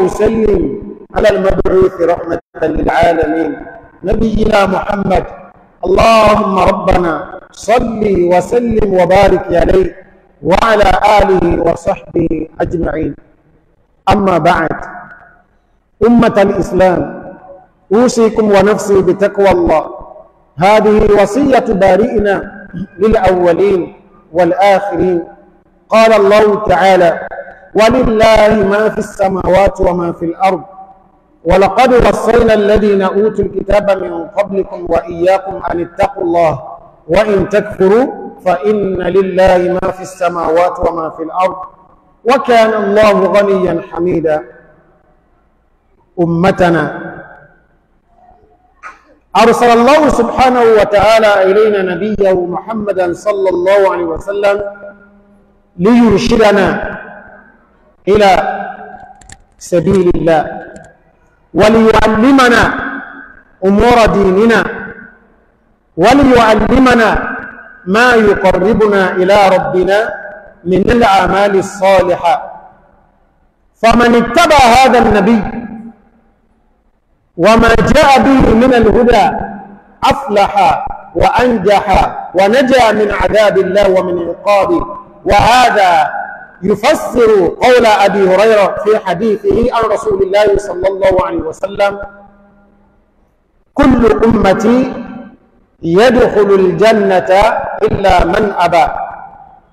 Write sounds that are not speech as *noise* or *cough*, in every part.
وسلم على المبعوث رحمة للعالمين نبينا محمد اللهم ربنا صل وسلم وبارك عليه وعلى آله وصحبه أجمعين أما بعد أمة الإسلام أوصيكم ونفسي بتقوى الله هذه وصية بارئنا للأولين والآخرين قال الله تعالى ولله ما في السماوات وما في الأرض ولقد وصينا الذين أوتوا الكتاب من قبلكم وإياكم أن اتقوا الله وإن تكفروا فإن لله ما في السماوات وما في الأرض وكان الله غنيا حميدا أمتنا أرسل الله سبحانه وتعالى إلينا نبيه محمدا صلى الله عليه وسلم ليرشدنا إلى سبيل الله وليعلمنا أمور ديننا وليعلمنا ما يقربنا إلى ربنا من الأعمال الصالحة فمن اتبع هذا النبي وما جاء به من الهدى أفلح وأنجح ونجا من عذاب الله ومن عقابه وهذا يفسر قول أبي هريرة في حديثه عن رسول الله صلى الله عليه وسلم كل أمتي يدخل الجنة إلا من أبى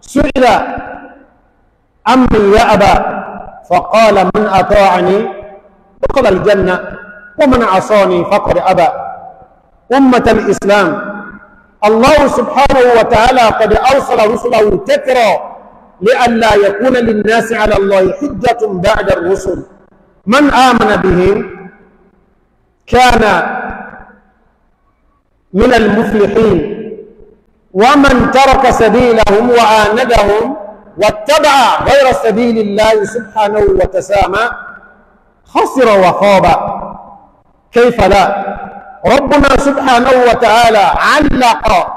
سئل أمن يأبى فقال من أطاعني دخل الجنة ومن عصاني فقد أبى أمة الإسلام الله سبحانه وتعالى قد أرسل رسله تكرى لئلا يكون للناس على الله حجة بعد الرسل من آمن بهم كان من المفلحين ومن ترك سبيلهم وعاندهم واتبع غير سبيل الله سبحانه وتسامى خسر وخاب كيف لا ربنا سبحانه وتعالى علق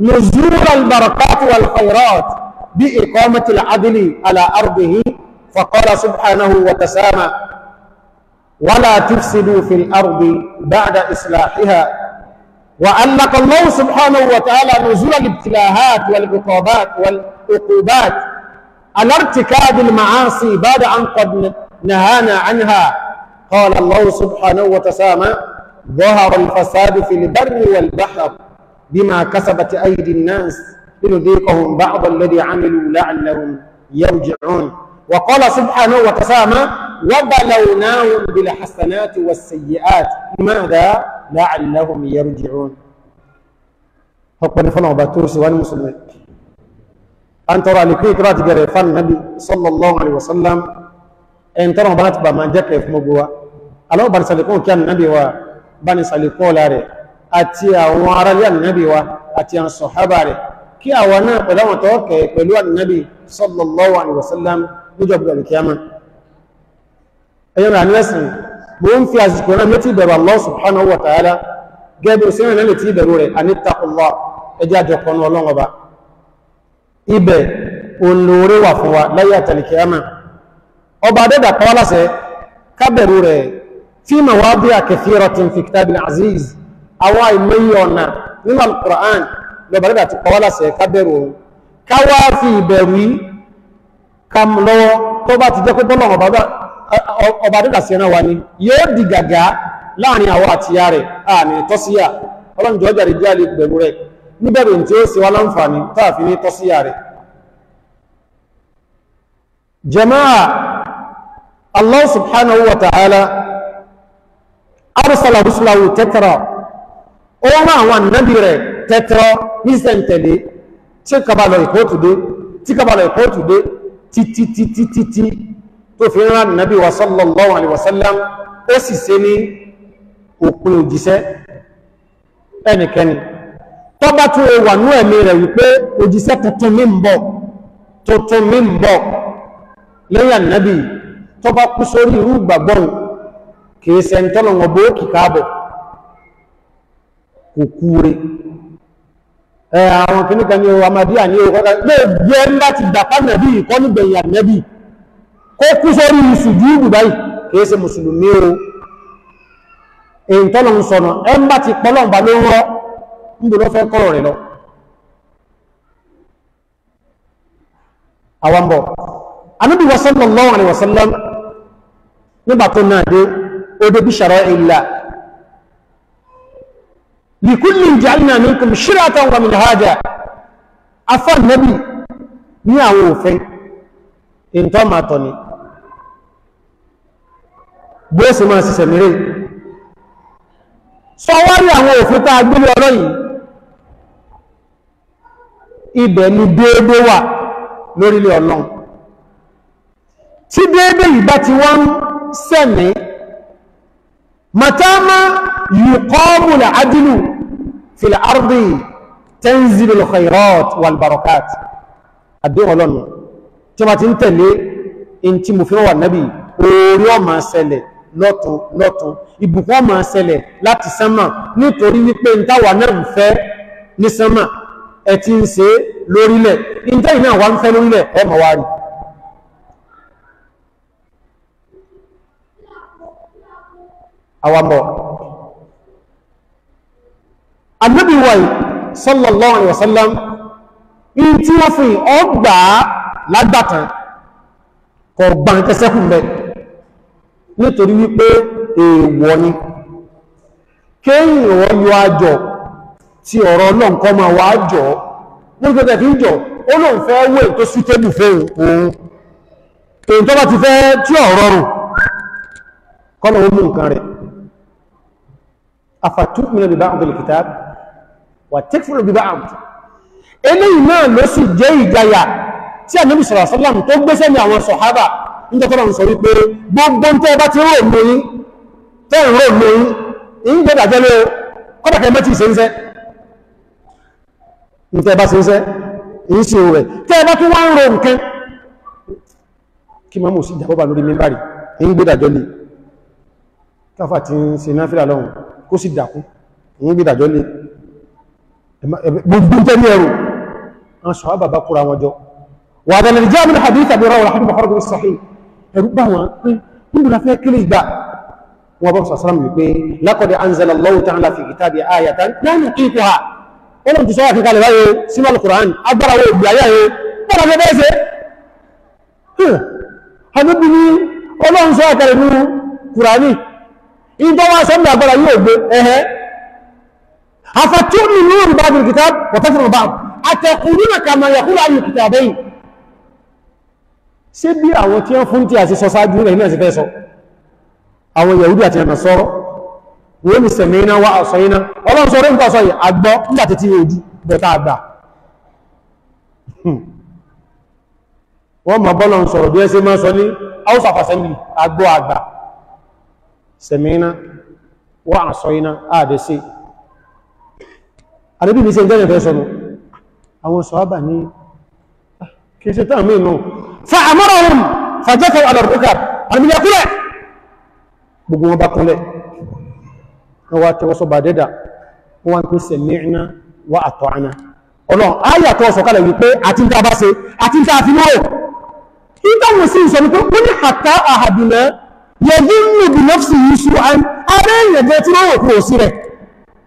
نزول البركات والخيرات بإقامة العدل على أرضه فقال سبحانه وتسامى ولا تفسدوا في الأرض بعد إصلاحها وعلق الله سبحانه وتعالى نزول الابتلاءات والعقوبات والعقوبات على ارتكاب المعاصي بعد أن قد نهانا عنها قال الله سبحانه وتسامى ظهر الفساد في البر والبحر بما كسبت أيدي الناس لنذيقهم بعض الذي عملوا لعلهم يرجعون وقال سبحانه وتسامى وبلوناهم بالحسنات والسيئات لماذا لعلهم يرجعون فقال فلان باتوس والمسلمين أن ترى لكي كرات جريفان النبي صلى الله عليه وسلم أن ترى بنات بما في مبوا ألو بني سالكون كان النبي وبني سالكون لاري أتي أوارا النبي وأتي أن صحابة kí àwọn náà pẹ̀lú àwọn tọ́ọ̀kẹ̀ pẹ̀lú ànábì sallallahu alaihi wasallam lójọ́ bí alìkíyàmá ẹ̀yọ́nà àníwẹ̀sìn mo ń fi àsìkò náà létí ìbẹ̀rù Allah subhanahu wa ta'ala gẹ́gẹ́ sí ìrìnlẹ̀ tí ìbẹ̀rù rẹ̀ anítàkùnlá ẹjá jọkọ̀nù ọlọ́run ọba ibẹ̀ olóore wà fún wa láyé àtàlìkíyàmá ọba adẹ́dà pa wá láṣẹ kábẹ̀rù rẹ̀ fi mawadi'a kathiratin fi lọ́bàá nígbà ti pàwọ́ lásẹ̀ ká bẹ̀rù òun ká wá fi ìbẹ̀rù yìí ká mú lọ́wọ́ tó bá ti jẹ́ pé bọ́lọ̀ ọba dídà sí ẹran wa ni yóò di gàgá láàrin àwọn àtìyá rẹ̀ àmì tọ́síyà ọlọ́run jọjọ́ rẹ̀ àlè bẹ̀rù rẹ̀ níbẹ̀rù tí ó sì wá láǹfààní táàfin ní tọ́síyà rẹ̀ jama'a Allah subhanahu wa ta'ala arsala rusulahu tatra ó rán àwọn ànábì rẹ̀ tẹ́tọ́ nísẹ̀ntẹ̀lé tí kabalọ̀ ìkóòtùdé tí kabalọ̀ ìkóòtùdé títítítítí tó fi rán ànábì wa sallallahu alaihi wasallam ó sì ṣe ní òpin òjíṣẹ́ ẹnikẹ́ni tó bá tún wà ní ẹ̀mí rẹ̀ wípé òjíṣẹ́ tuntun mi ń bọ̀ tuntun mi ń bọ̀ lẹ́yìn ànábì tó bá kú sórí irú ìgbàgbọ́n kìí sẹ́ntọ́lọ̀ wọn bó kìkà bọ̀ kò kúre ẹ àwọn kìnnìkan ní amadiya ní ọkọ̀ gbé ń bá ti dàpá nàbí ìkọ́ nígbẹ̀yìn ànẹ́bí kó kú sórí ìsùjúdù báyìí kìí ṣe mùsùlùmí o èyí tọ́lọ̀ ń sọ̀nà ẹ ń bá ti pọ́lọ̀mbà ló ń rọ́ níbi ló fẹ́ kọ́rọ̀ rẹ̀ lọ àwọn bọ̀ anábì sallallahu alaihi wasallam nígbà tó náà dé ó dé bí ṣàrọ̀ ilà lìkúlì jàlínà minkum shiratan wa minhaja afọ́nàbí ní àwọn òfin ìntọ́ ma tọ̀ ni bó sì máa sì sẹ̀mìrì sọwárí àwọn òfin tá agbílẹ̀ ọ̀rọ̀ yìí ibẹ̀ ni déédé wà lórílẹ̀ ọlọ́run tí déédé yìí bá ti wọ́n sẹ̀mí màtámá يقام العدل في الأرض تنزل الخيرات والبركات الدور لنا كما تنتلي انت مفيرو النبي أوريو ما سلي lọ́tún lọ́tún ìbùkún máa ṣẹlẹ̀ láti sánmà nítorí wípé ń táwà náà ń fẹ́ ní sánmà ẹ ti ń ṣe lórílẹ̀ ìjẹ́ ànábì wa sallallahu alaihi wasallam in tí wọ́n fi ọgbà lágbàtàn kọ gbàǹtẹ́sẹ́kù mẹ́ nítorí wípé èèwọ̀ ni kéyìn ọ̀ yọ àjọ tí ọ̀rọ̀ ọlọ́nkọ́ ma wà jọ nígbẹ́gbẹ́ fi ń jọ ó lóun fẹ́ wé tó sí wà tẹ́kùrù bíbá àmì eléyìí náà ló sì jẹ́ ìjayà tí ànábì sọ̀rọ̀ sọ́lọ́mù tó gbéṣẹ́ ní àwọn sọ̀hábà níjọ́tọ́lọ́mù sọ wípé gbogbo tó bá ti rò lóyún tó rò lóyún ń gbé dàjẹ́ ló kọ́bàkẹ́ mẹ́tì ìṣẹ́ńṣẹ́ nítẹ́ bá ṣẹ́ńṣẹ́ èyí sí rẹ̀ tẹ́ bá tún wá ń ro nǹkan kí mọ́mù sí ìjàbọ́bà lórí mímbàrí ń gbé dàjọ́ lé káfà ti ń ṣe náfíà lọ́hùn kó sì dàkú ń gbé dàjọ́ lé gbogbo tẹ́lẹ̀ ẹ̀rù an sọ ha bàbá kúra wọn jọ wà bẹ̀rẹ̀ jẹ́ àmì hadith àbí rọwà hadith bukhari bin sahih ẹ̀rù bá wọn pé níbi la fẹ́ kílè ìgbà wọn bá sọ sọ́rọ̀ wípé laqad anzala Allahu ta'ala fi kitabi ayatan lẹ́nu kíkọ́ ha ọlọ́n ti sọ́wọ́ kíkà lè báyé sínú alukur'an agbára wo ìgbà أفتؤمنون ببعض الكتاب وتكفرون بعض أتقولون كما يقول عن الكتابين ṣé bí àwọn tí wọ́n fún tí a ṣe sọ sáájú rẹ̀ náà sì fẹ́ sọ àwọn Yahudi àti ẹ̀nà sọ́rọ̀ wọ́n ni sẹ̀mẹ́ná wá ọ̀sọ̀ iná ọlọ́run sọ rẹ́ǹkà sọ àgbọ́ nígbà títí ojú bẹ̀ta àgbà wọ́n ma bọ́lọ̀ sọ̀rọ̀ bí ẹ ṣe àríbí mi se ń jẹ́rẹ̀ fẹ́ sọ́nà àwọn sọ́ábà ní ah, kèsè tán mí nù fa àmọ́rọ̀ ohun fàjẹ́kọ̀ alàrùkà àmìyàkúrẹ̀ gbogbo wọn bá kúnlẹ̀ wọ́n tẹwọ́ sọ bà dẹ́dà wọ́n kún sẹ mẹ́rin wà àtọ́ana ọlọ́ ayàtọ̀ sọ̀kalẹ̀ wípé àti ń tàbá se àti ń tà fi mọ́ ìtàwọn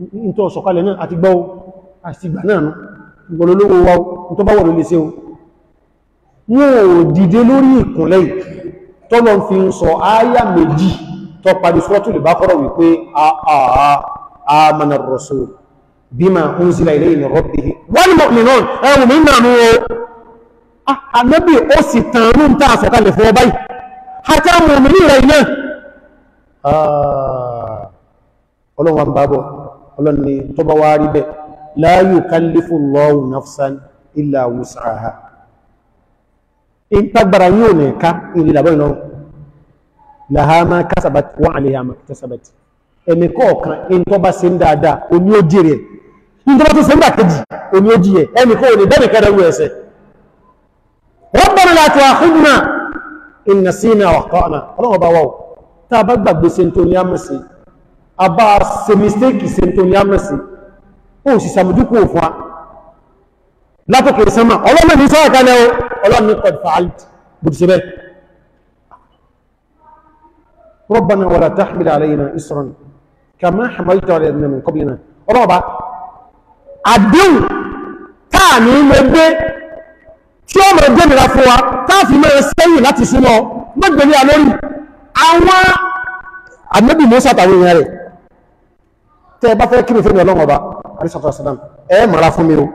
ìtọ́ sọ̀kalẹ̀ náà àti gbọ́ àti ìgbà náà gbọ́lọ́lọ́wọ́ wa tó bá wọ̀n lè ṣe o wọ́n ò dìde lórí ìkùnlẹ̀ tọ́lọ fi ń sọ áyà méjì tó parí sọ́tù lè bá kọ́rọ̀ wípé àmànà rọ̀sọ̀ bima unzila ilayhi min rabbihi wal mu'minun ẹwùn mi nànú o ànábì ó sì tàn rú tá àsọ̀kalẹ̀ fún ọba yìí hátà mọ̀mìnì rẹ̀ náà ọlọ́run wa ń bá bọ̀ ọlọ́ni tó bá wá rí bẹ́ la yukallifullahu nafsan illa wus'aha ìtagbàrà yóò ní ká ìrìn ìlàbọ̀ ìlọ́ laha ma kasabat wa 'alayha ma kasabat ẹ̀mí kọ̀ọ̀kan in tó bá ṣe ń dáadáa oní ó jèrè ẹ̀ in tó bá tó ṣe ń dàkejì oní ó jìyẹ ó tá a bá gbàgbé àbá se mistake se tó ní àmẹ́sì ó sì sàmójúkú òfin wa látòkè sánmà ọlọ́mọ̀ ní sọ́rọ̀ kalẹ̀ o ọlọ́mọ̀ ní kọ̀dù fàálìtì bùdù sí bẹ́ rọ́bàna wà látàmìlà aláyìnà ìsọ̀rọ̀nì kàmá hamalta rẹ̀ nínú kọ́bìnà ọlọ́ọ̀bá àdéhùn táà ní mẹ́gbẹ́ tí ó mọ̀ gbẹ́mìlá fún wa tẹ́ bá fẹ́ kírò fẹ́mi ọlọ́run ọba àrísọ̀tọ̀ sàdám ẹ mara fún mi o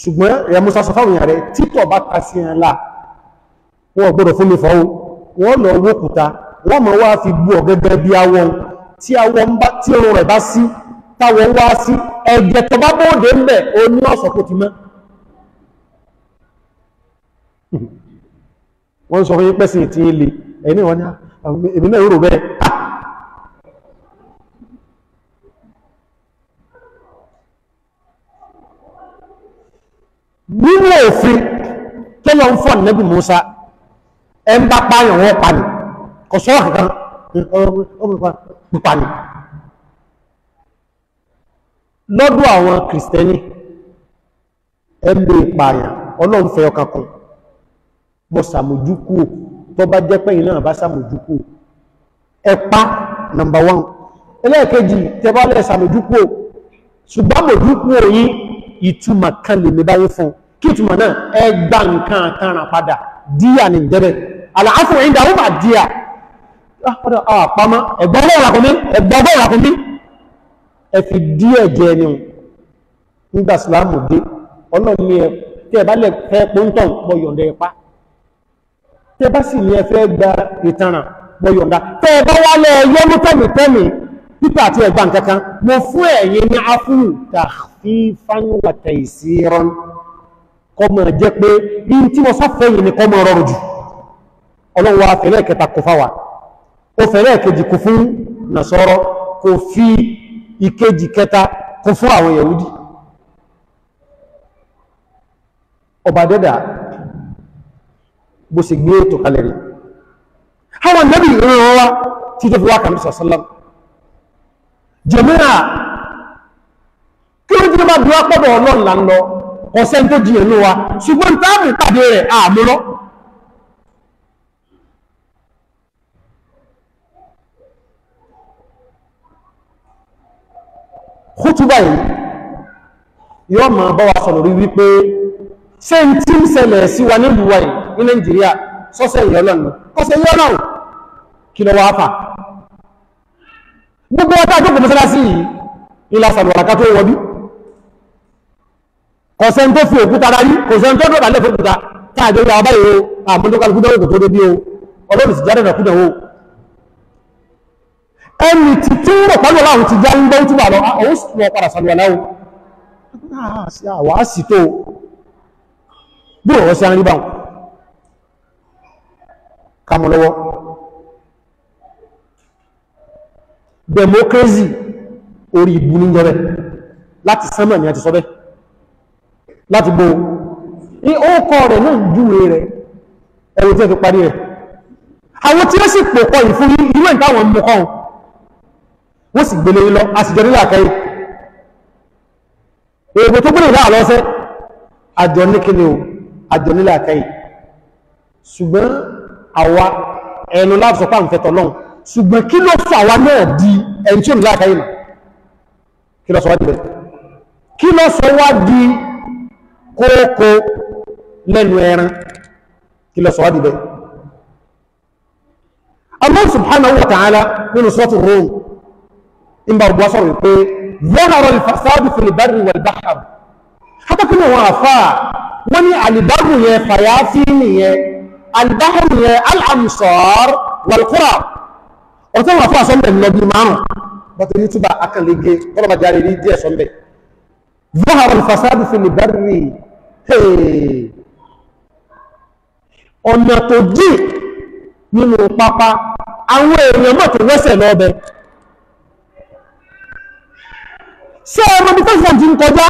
ṣùgbọ́n rẹ̀ musa sọ fáwọn èèyàn rẹ̀ títọ̀ bá ta sí ẹ̀ ńlá wọn gbọ́dọ̀ fún mi fọ́wọ́ wọ́n lọ owó kùta wọ́n mọ̀ wá fi bú ọ̀gẹ́gẹ́ bí awọ́n tí awọ́n bá tí orun rẹ̀ bá sí táwọn wá sí ẹ̀jẹ̀ tó bá bóde ń bẹ̀ ó ní ọ̀sọ̀ kò ti mọ́ *laughs* wọ́n sọ fún yín pẹ́sìn ìtìyín le ẹ̀mí ah, náà rò bẹ́ẹ̀ nínú òfin tó lọ ń fọ́ nẹ́bì Musa ẹ ń bá páyàn wọ́n pa ní kò sọ́ kankan pípa ní lọ́dọ̀ àwọn kìrìsìtẹ́nì ẹ ń lè pààyàn ọlọ́run fẹ́ ọkàn kan mo sàmójúkú tó bá jẹ́ pẹ́yìn náà bá sàmójúkú ẹ pa number one ẹlẹ́ẹ̀kejì tẹ́bálẹ̀ sàmójúkú ṣùgbọ́n mòjúkú òyìn ìtumọ̀ kan lè mi báyé fún un kí ìtumọ̀ náà ẹgbà nǹkan àkàrà padà díyà ní ìjẹ́bẹ̀ aláàfò ìdá ó bà díyà ọ̀dọ̀ àpamọ́ ẹgbọ́gbọ́rakùnmí ẹ fi díẹ̀ jẹ ẹni nígbà sílámù dé ọlọ́ni ẹ tẹ́ bá lẹ fẹ́ pọ́ntọ̀n pọ̀yọ̀ndẹ̀ ẹ̀pá tẹ́ bá sì ní ẹ fẹ́ gba ìtanràn pọ̀yọ̀ndà tẹ́ bá wá lẹ yọ mú tẹ́mì tẹ́mì pípà àti kọmọ jẹ́ pé bí tí mo sáfẹ́yìn ni kọmọ rọrùn jù ọlọ́run wa fẹ̀lẹ́ kẹta kò fáwà ó fẹ̀lẹ́ kejì kò fún nàṣọ́rọ́ kò fi ìkejì kẹta kò fún àwọn yẹ̀wúdí ọba dẹ́dà bó sì gbé ètò kalẹ̀ rí àwọn nẹ́bì ìrìnrìn wa tí tó fi wá kàmísà sálám jẹ́mìnà kí ó jẹ́ ọ̀sẹ́ tó di èlò wa ṣùgbọ́n táàmù pàdé rẹ̀ àmúrọ́ kútúbà yìí yọ́ ma bá wa sọ̀rọ̀ rí wípé ṣe ń tí ń ṣẹlẹ̀ sí wa ní ìlúwa yìí ní Nàìjíríà sọ́sẹ̀ ìyọ́lọ́nà kọ́sẹ̀ ìyọ́lọ́nà kí lọ wá fà gbogbo ọjọ́ àjọ́kùn mọ́sálásí yìí ìlàsàlùwàràká tó wọ́bí kọ̀sẹ́n tó fi òkúta rárí kọ̀sẹ́n tó dọ̀dà lẹ́fẹ̀ẹ́ òkúta káàdé ra ọba yìí o àmúlòkàlùkù náà kò tó dé o ọlọ́run sì jáde nàkúdà o ẹni tí tí ń rọ̀ pálọ̀ láwọn ti já ń gbọ́ túbà lọ àwọn sì wọ́n padà sàlùwà láwọn àwọn á sì tó bí ọ̀rọ̀ sí àárín báwọn kàmù lọ́wọ́ democracy orí ìbú ní jọ láti sánmà ni a ti sọ bẹ́ẹ̀ láti gbó ó kọ́ rẹ̀ náà júwe rẹ̀ ẹ̀rọ tí ẹ fi parí rẹ̀ àwọn tí ó sì pò kọ ìfún irú ẹ̀ táwọn mú kọ́ wọ́n sì gbélé lọ a sì jọ nílà kẹ́yìn èèbò tó gbélé láà lọ́sẹ́ àjọ ní kíni o àjọ nílà kẹ́yìn ṣùgbọ́n àwa ẹnu láti sọ pàǹfẹ́ tọ́lọ́hùn ṣùgbọ́n kí ló fà wá náà di ẹni tí ó nílà kẹ́yìn kí ló sọ wá di kóókó lẹ́nu ẹran kí lọ sọ́wọ́ dìbẹ̀ Allah subhanahu wa ta'ala nínú sọ́tù Rum in bá gbọ́ sọ̀rọ̀ pé zahara al-fasadu fil barri wal bahr hata kí ni wọ́n àfà wọ́n ní al-barru yẹn fàyàfí nìyẹn al-bahru yẹn al-amsar wal qura ọ̀tọ́ wọn àfà sọ́mbẹ̀ lọ́bí márùn bọ́tẹ̀ ní túbà akànlẹ́gẹ́ kọ́lọ́bàjáre rí díẹ̀ sọ́mbẹ̀ zahara al-fasadu fil ọ̀nà tó dì nínú pápá àwọn èèyàn mọ̀ tó wẹ́sẹ̀ lọ́bẹ̀ ṣé ọmọ bí tẹ́sán ti ń kọjá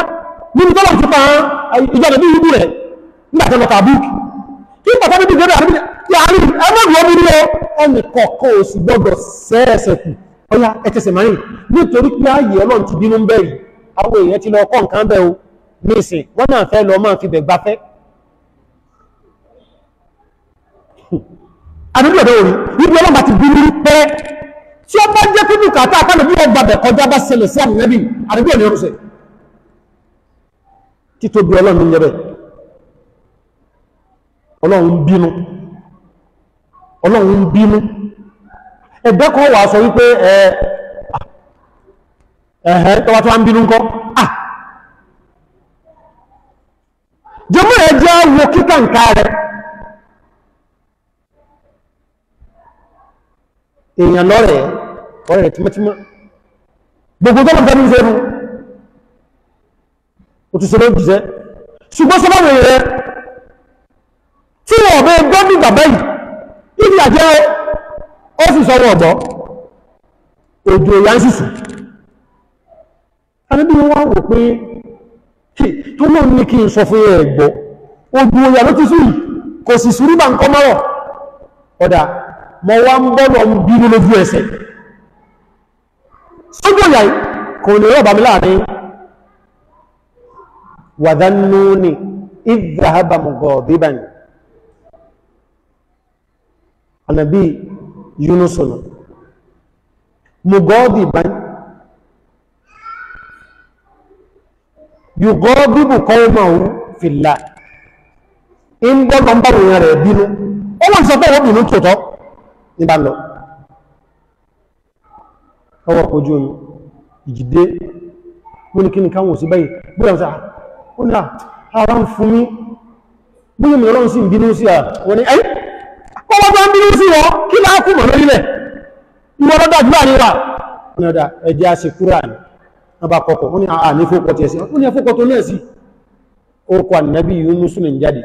nínú tọ́lọ̀ ti pa ìjọba bí ìlú rẹ̀ nígbàtẹ́ lọ tàbí kí pàtàkì bí gẹ́gẹ́ àríbí yàrí ẹgbẹ́gbẹ́ ọmọ ilé ẹnì kọ̀ọ̀kan ò sì gbọ́dọ̀ sẹ́ẹ̀sẹ̀ kù ọya ẹtẹsẹ̀ márìn nítorí pé ààyè ọlọ́run ti bínú ń bẹ̀rì àwọn èèyàn ti lọ kọ́ nǹkan bẹ́ẹ̀ o nísìn wọ́n náà fẹ́ lọ máa fi bẹ̀ gbafẹ́ àdúgbò ọ̀dọ́ òru ibi ọlọ́mà ti bí ní pẹ́ tí ó bá jẹ́ pé bùkátà kánàbí ọgbà bẹ̀ kọjá bá ṣẹlẹ̀ sí àmìnẹ́bì àdúgbò ní orúṣẹ́ títóbi ọlọ́run ní yẹbẹ̀ ọlọ́run bínú ọlọ́run bínú ẹgbẹ́ kan wà sọ wípé ẹ̀ẹ́ tọwọ́ tó wá ń bínú ńkọ́ jọmọ́ ẹjọ́ wo kíkà nǹka rẹ̀ èèyàn lọ́rẹ̀ ọ̀rẹ́ rẹ̀ tímọ́tímọ́ gbogbo tó lọ́gbẹ́ ní ìṣẹ́nu òtúnṣe ló jùṣẹ́ ṣùgbọ́n sọ báwọn èèyàn tí wọ́n bẹ́ gbọ́ ní bàbá yìí ibi àjẹ́ ó sì sọ̀rọ̀ ọ̀gbọ́ òjò ìyá ń sùsù àbíbí wọ́n wò pé tó ló ní kí n sọ fún ẹ̀gbọ́ ojú oyà ló ti sú yìí kò sì sùúrù bá ń kọ́ mọ́rọ̀ ọ̀dà mọ̀ wá ń bọ́lọ̀ ń bí lójú ẹsẹ̀ sójú ọ̀yà kò lè rọ̀ bàmí láàrin wàdánúni ìdáhàbà mọ̀gọ̀ bíbáni ànàbí yúnúsùnà mọ̀gọ́ yùgọ́ bíbù kọ́ ọmọ òun fìlà ń gbọ́dọ̀ ń báwọn èèyàn rẹ̀ bínú ó wọ́n sọ pé wọ́n bínú tòótọ́ nígbà lọ ọwọ́ kojú omi ìjìdé wọ́n ní kí ni káwọn òsì báyìí bóyá sá ó ní ara ń fún mi ọba kọkọ̀ wọ́n ni a ní ah, fókọ̀ tí ẹ̀sí wọ́n ni ẹfókọ̀ tó náà sí orúkọ ànàbí Yúnúsù ní jáde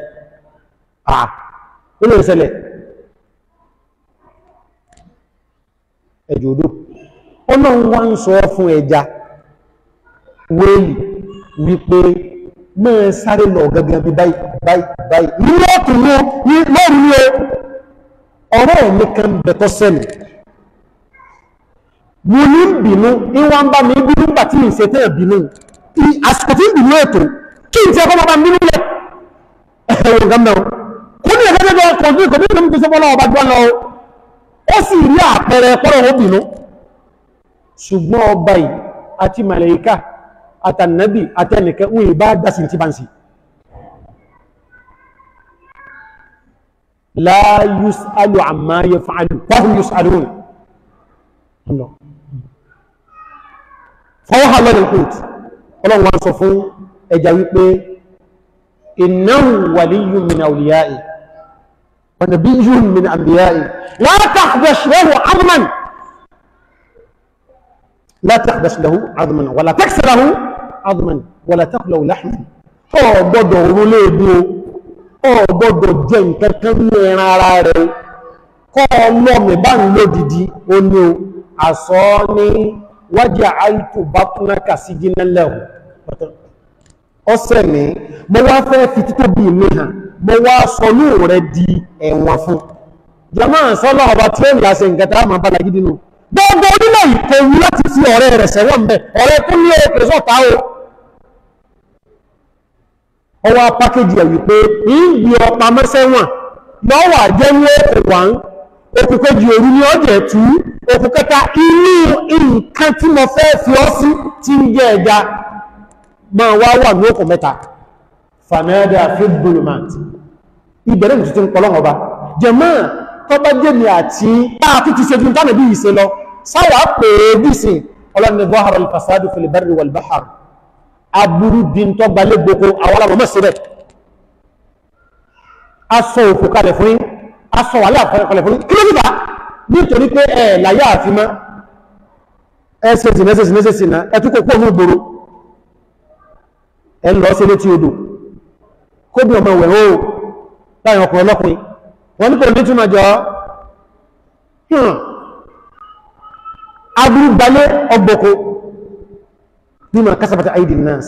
àà ah, ó lè ṣẹlẹ̀ ẹjọ́ odó ọlọ́run wá ń sọ fún ẹja wéèlì wípé mẹ́rin sáré lọ gẹ́gẹ́ bí báyìí báyìí báyìí ní lọ́ọ̀tún ní lọ́ọ̀rún ní ọ̀rọ̀ mi kan bẹ̀tọ́ sẹ́lẹ̀ mo ní ń bínú ìwọ ń bá mi bínú gbà tí mi ṣe tẹ́ bínú àsìkò tí ń bínú ètò kí n ti ẹ̀kọ́ bá bínú lẹ̀ ẹ̀rọ nǹkan mẹ́wọ́ kó ní ẹ̀kọ́ tó kọ̀ ní ìkọ̀bí ìlú tó sọ́kọ́ lọ́wọ́ bá jọ lọ ó sì rí àpẹẹrẹ ẹ̀kọ́rọ̀ ó bínú ṣùgbọ́n ọba yìí àti màlẹ́yíkà àtànàbì àtẹnìkẹ́ wọn ìbá dásì ti bá ń sì la yus'alu amma yaf'alu wa hum yus'alun Allah فوح الله للقوت قال الله صفو اجاويب إنه ولي من أوليائي ونبي من أنبيائي لا تخدش له عظما لا تخدش له عظما ولا تكسر له عظما ولا تخلو لحما أو بدو رليبو أو بدو جن كتنين عرارو كو اللومي بان لوددي ونو أصاني wájà àìtò bá túnra kà sí jìnà lẹ́wọ̀ ọ̀sẹ̀ mi mo wá fẹ́ fi títò bí mi hàn mo wá sọ ní rẹ̀ di ẹ̀wọ̀n fún jama sọ́lọ́ ọba tí ó ń yàṣẹ nǹkan tá a máa bala gidi nù gbogbo onílẹ̀ yìí kò wú láti fi ọ̀rẹ́ rẹ̀ sẹ́wọ̀n mbẹ́ ọ̀rẹ́ kún ní ọ̀rẹ́ pẹ̀sọ̀ tá o ọwọ́ pákéjì ẹ̀ wípé ìbí ọ̀pá lọ́wọ́ àjẹ́ ní ọ̀pẹ̀ òkùnkùn òkú kẹta inú nǹkan tí mo fẹ́ fi ọ́ sí tí ń jẹ́ ẹja ma wá wà ní okùn mẹ́ta fanada fi bulumat ìbẹ̀rẹ̀ mùsùn tí ń pọ̀lọ́ ọba jẹ̀mọ́ tọ́bá jẹ́mi àti láàtú ti ṣe fún tánà bí ìṣe lọ sáwà pé bísìn ọlọ́ni bọ́hàrọ̀ alfasadu fil barri wal bahar aburú bí ń tọ́gba lé gbogbo àwọn alamọ̀ síbẹ̀ aṣọ òkú kalẹ̀ fún aṣọ wàhálà kalẹ̀ fún kí nítorí pé ẹ̀ láyá àfimá ẹ̀ṣẹ̀sìn ẹ̀ṣẹ̀sìn ẹ̀ṣẹ̀sìn ẹ̀túkò kó ní ìgboro ẹ̀ lọ sí létí odò kó bí ọmọ ìwẹ̀ oó láàrin ọkùnrin ọlọ́kùnrin wọ́n ní kò ní túnmọ̀ jọ hmm. agbúrúgbalé ọgbọ̀kọ bima kasabata aidi nas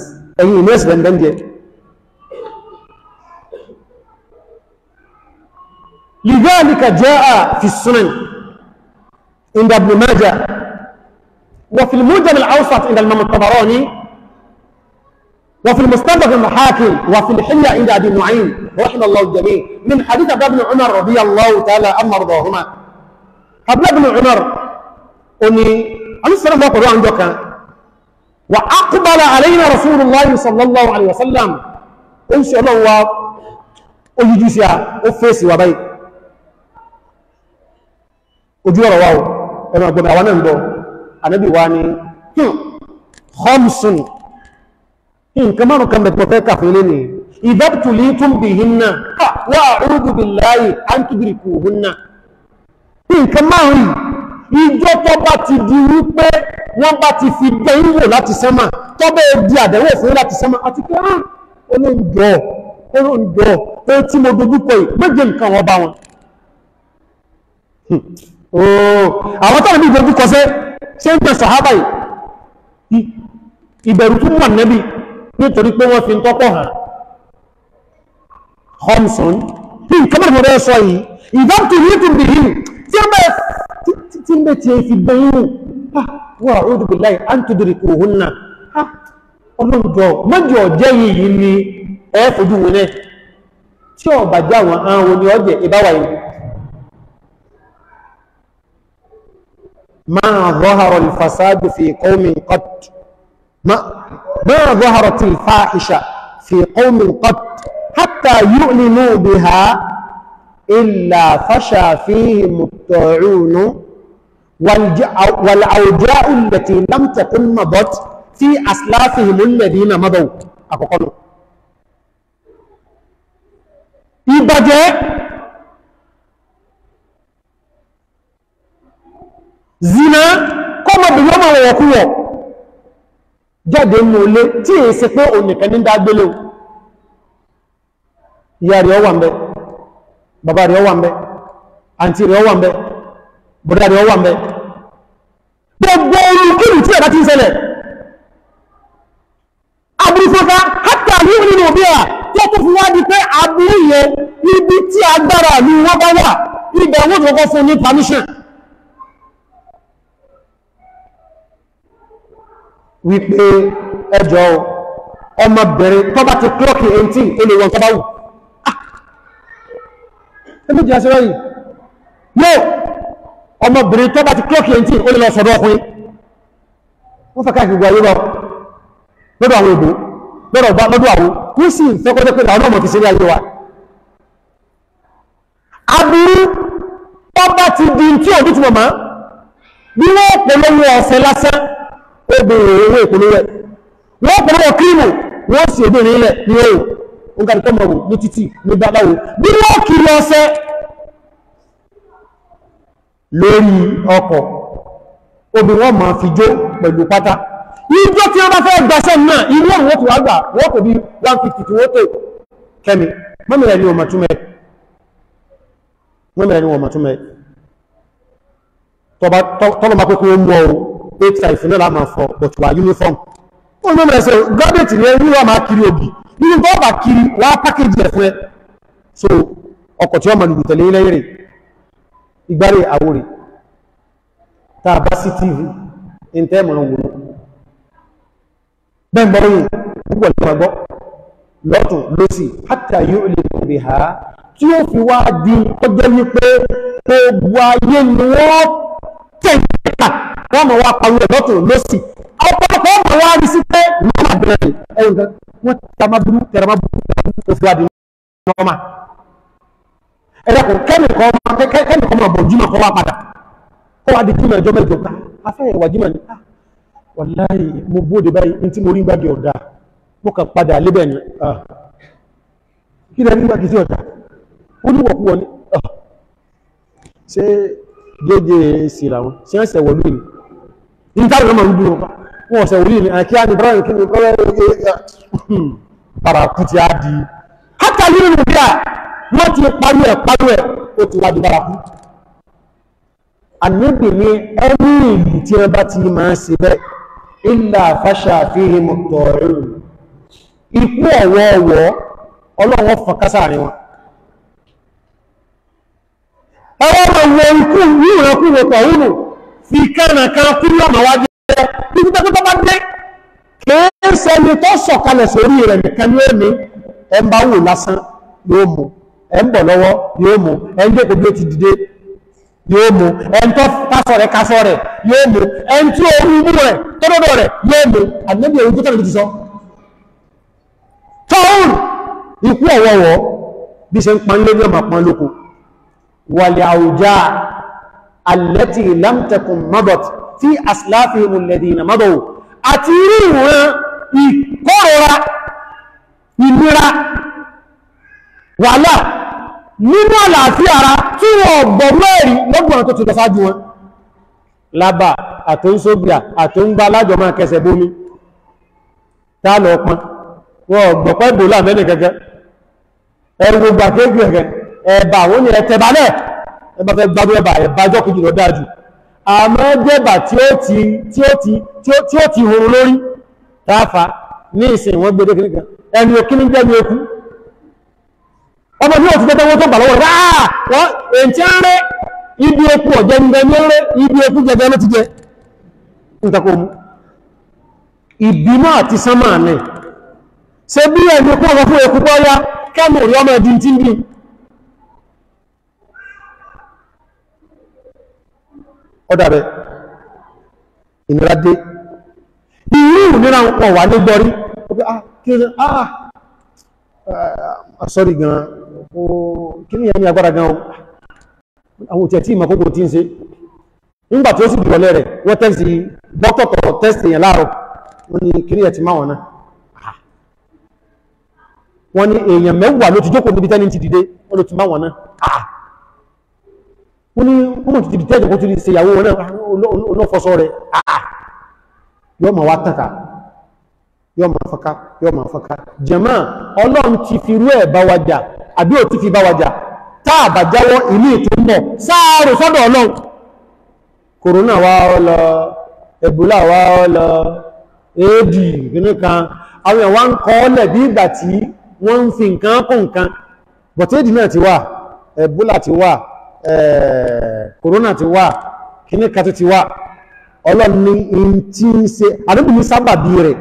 عند ابن ماجه وفي الموجب الأوسط عند الإمام الطبراني وفي المستدرك المحاكم وفي الحلة عند أبي نعيم رحم الله الجميع من حديث ابن عمر رضي الله تعالى عن مرضاهما قبل ابن عمر أني عليه السلام وقلوا عندك وأقبل علينا رسول الله صلى الله عليه وسلم إن شاء الله ويجيسيا وفيسي وبيت وجوره واو ẹmọ ọgbọ̀n àwọn náà ń bọ̀ ànábì wa ni homsun nǹkan márùn kan mẹ́tọ̀ fẹ́ kàfin lé ní ìdábtùlí tún bì hinna wà rúdù bì láàyè àǹtìbìrìkù hinna nǹkan márùn ìjọ tó bá ti di wípé wọ́n bá ti fi gbé ìwò láti sánmà tó bẹ́ẹ̀ di àdẹ̀wò fún láti sánmà àti pé á olóńdọ̀ olóńdọ̀ ó tí mo dojúkọ yìí méje nǹkan wọn bá wọn ooo àwọn tọ́rọ bí ìbẹ̀rù kọsẹ́ ṣe ń tẹ̀sọ̀ hábà ìbẹ̀rù tún wà nẹ́bí nítorí pé wọ́n fi ń tọ́pọ̀ hàn Thompson bí nǹkan mọ̀ rẹ̀ sọ yìí ìdáàtò yìí tún bì yìí tí a bẹ́ẹ̀ tí ń bẹ́ ti fi bẹ́yìn wà ó dùbì láì á ń tó dìrì kò hún náà ọlọ́jọ́ mọ́jọ́ jẹ́ yìí ni ẹ̀ fojú wọn náà tí ọ̀bàjá wọn àwọn ni ọ̀jẹ̀ ما ظهر الفساد في قوم قط ما, ما ظهرت الفاحشة في قوم قط حتى يؤلموا بها إلا فشى فيهم الطاعون والأوجاع التي لم تكن مضت في أسلافهم الذين مضوا أقول إبجاء zina kọ́mọbìnrin ọmọ wọ̀ kú wọ̀ jáde ní olé tí è ṣe pé onìkan ní dágbélé ìyá rẹ̀ ọwà mẹ́ bàbá rẹ̀ ọwà mẹ́ àǹtí rẹ̀ ọwà mẹ́ bọ̀dá rẹ̀ ọwà mẹ́ gbogbo orí kìrì tí ẹ̀bá ti ń ṣẹlẹ̀ aburúfọ́fá hátà ní nínú òbí ẹ̀ tí ó tó fi wá di pé aburú yẹn níbi tí agbára ní wọ́n bá wà ibẹ̀ wọ́n tó kọ́ fún ní permission wípé ẹjọ́ ọmọbìnrin tó bá ti klọ́kì 18 ó lè wọ́n tó bá wù ẹgbẹ́ jẹ́ ṣe rọ́yìn yóò ọmọbìnrin tó bá ti klọ́kì 18 ó lè lọ sọ́dọ̀ ọkùnrin wọ́n fẹ́ káàkiri gbọ́ yóò lọ́dọ̀ àwọn òbò lọ́dọ̀ ọba lọ́dọ̀ àwọn kú sí ìfẹ́kọ́jẹ́ pé àwọn ọmọ ti ṣe ní ayé wa aburú tó bá ti di tí òbí ti mọ̀ mọ́ bí wọ́n pẹ̀lú ọ̀sẹ̀ lásán obìnrin owó ìpínlẹ̀ wọ́n pọ̀lọ́ kírìmù wọ́n sì obìnrin ilẹ̀ ní oòrùn ń kàrí tọ́mọ̀rù ní títì ní bábáwò bí wọ́n kiri ọṣẹ lórí ọkọ̀ obìnrin wọ́n máa fi jó pẹ̀lú pátá ìjọ tí wọ́n bá fẹ́ gbàṣẹ́ náà irú ọ̀rùn wọ́n tó wá gbà wọ́n kò bí 150 tí wọ́n tó kẹ́mi mọ́mìnà ni ọmọ túnmẹ́ mọ́mìnà ni ọmọ túnmẹ́ tọ́lọ́mà pé kí wọ́n mú ọrùn 8-5 náà láàmà fọ but wà uniform ó ní mẹ́rin sọ graduate ni ẹni wà máa kiri òbí nínú tó bá kiri wà á package ẹ so ọkọ̀ tí wọ́n mọ̀ lùlù tẹ̀lé lẹ́yìn rẹ̀ ìgbárè àwòrè tá a bá sí tv ní tẹ́ mọ̀ wòrò bẹ́ẹ̀ gbọ́ yìí púpọ̀ lè máa gbọ́ lọ́tún lọ́sì hátà yóò lè bèbè ha tí ó fi wá di ọjọ́ wípé gbogbo ayé ni wọ́n tẹ̀lé kà wọ́n mọ̀ wá pariwo ẹ̀ lọ́tọ̀ lọ́sì ọ̀pọ̀lọpọ̀ ọmọ wa rí sí pé mọ́mà bẹ̀rẹ̀ ẹ̀yìn kan wọ́n tẹ̀rẹ̀má burú tẹ̀rẹ̀má burú òfin àdìmọ́ ọmọ ẹ̀dàkùn kẹ́mìkọ́ ọmọ bọ̀ jùmọ̀ kọ́ wá padà kó wá di jùmọ̀ ẹjọ́ mẹ́jọ ká afẹ́yẹ̀ wà jùmọ̀ ní wàláyé mo de báyìí ní tí mo rí gbàgbé ọ̀dà mo kàn padà lébẹ̀ ni kí lẹ́ni gbàgbé sí ọ̀dà ó ní wọ̀kú wọ ni ṣé géèjì síra wọn ṣe ń sẹ̀wọ̀lú ìlú ìtàrí náà ma ń dúró wọn sẹ̀wọ̀lú ìlú àkíyà ní brown kí ni kọ́lẹ̀ paraku ti á di hátà nínú nàìjíríà wọ́n ti parí ẹ̀ parí ẹ̀ ó ti wá di paraku àníbì ní ẹni ìlú tí wọ́n bá ti máa ń ṣe bẹ́ẹ̀ ilà fàṣà fíhìm tọ̀ọ̀rù ikú ọ̀wọ̀ ọ̀wọ̀ ọlọ́wọ́ fọ̀kásà rẹ̀ wọn ẹwọ́n ma wo ikú yíran kú wọ́pọ̀ òhùnù fi ka kú lọ́nà wá jẹ́ ibi tó tó bá dé kìí sẹni tó sọ̀kalẹ̀ sórí rẹ̀ nìkan ní èmi ẹ ń bá wò lásán yóò mú ń bọ̀ lọ́wọ́ yóò mú ń bí ó ti dìde yóò mú ń tọ́ rẹ̀ kásọ̀ rẹ̀ yóò mú ń orí imú والأوجاع التي لم تكن مضت في أسلافهم الذين مضوا أتيروها ìkórora ìnira wàhálà nínú àlàáfíà ara tí wọ́n gbọ́ mẹ́rin lọ́gbọ̀n tó ti tọ́sájú wọn lábà àtóńsóbíà àtóńgbà lájọ máa kẹsẹ̀ bómi tààlọ̀ ọpọn wọ́n gbọ̀pẹ́ dòlà mẹ́rin kẹ́kẹ́ ẹrù gbogbo ẹ̀bà wọ́n ni ẹ̀tẹ̀bà náà ẹ̀bà fẹ́ gbádù ẹ̀bà ẹ̀bàjọ́ kejì lọ dájú àmọ́ jẹ́bà tí ó ti tí ó ti tí ó ti horo lórí tààfà ní ìsìn wọ́n gbé dékìníkà ẹni òkíní jẹ́ ní okú ọmọ ní òtún tẹ́tẹ́ wọ́n tó bà ibi okú ọ̀jẹ́ ń gẹ́ni rẹ́ ibi okú jẹ́gẹ́ ló ti jẹ́ nǹkan kẹ́mù rí ọmọ ẹ̀dín tí ń ọ̀dà rẹ̀ ìnira dé irú ìnira ń pọ̀ wà ní gbọ́rí sọ́rí gan ah, kí ah, ah, ní ẹni agbára gan àwọn òtẹ̀ tí ìmọ̀kókò tí ń ṣe nígbà tí ó sì dìrọ̀lẹ́ rẹ̀ wọ́n tẹ́sì dọ́kọ̀tọ̀ tẹ́sì yẹn láàrọ̀ wọ́n ni kí ní ẹ̀ ti máa wọ̀n náà wọ́n ni èèyàn mẹ́wàá ló ti jókòó níbi tẹ́ni ti dìde wọ́n ló ti máa wọ̀n náà wọ́n ní wọ́n ti di tẹ́jọ kó tún ní ṣèyàwó onáfọ́sọ rẹ̀ àà yọ́ ma wá tàkà yọ́ ma fọ́ká yọ́ ma fọ́ká jẹ̀mọ́ ọlọ́run ti fi rú ẹ̀ bá wájà àbí ò ti fi bá wájà táà bà jáwọ́ ìlú ètò ń bọ̀ sáàrò sọ́dọ̀ ọlọ́run kòrónà wá ọlọ ẹ̀bùlà wá ọlọ éèdì nìkan àwọn èèyàn wá ń kọ́ ọ́lẹ̀ bí ìgbà tí wọ́n ń fi nǹkan kún nǹkan bọ̀tẹ́ẹ̀dì náà ti wà ẹ̀bùlà ti wà korona eh, ti wa kíní ti wà ọlọ́run ní in tí ń ṣe àdúgbò sábàbí rẹ̀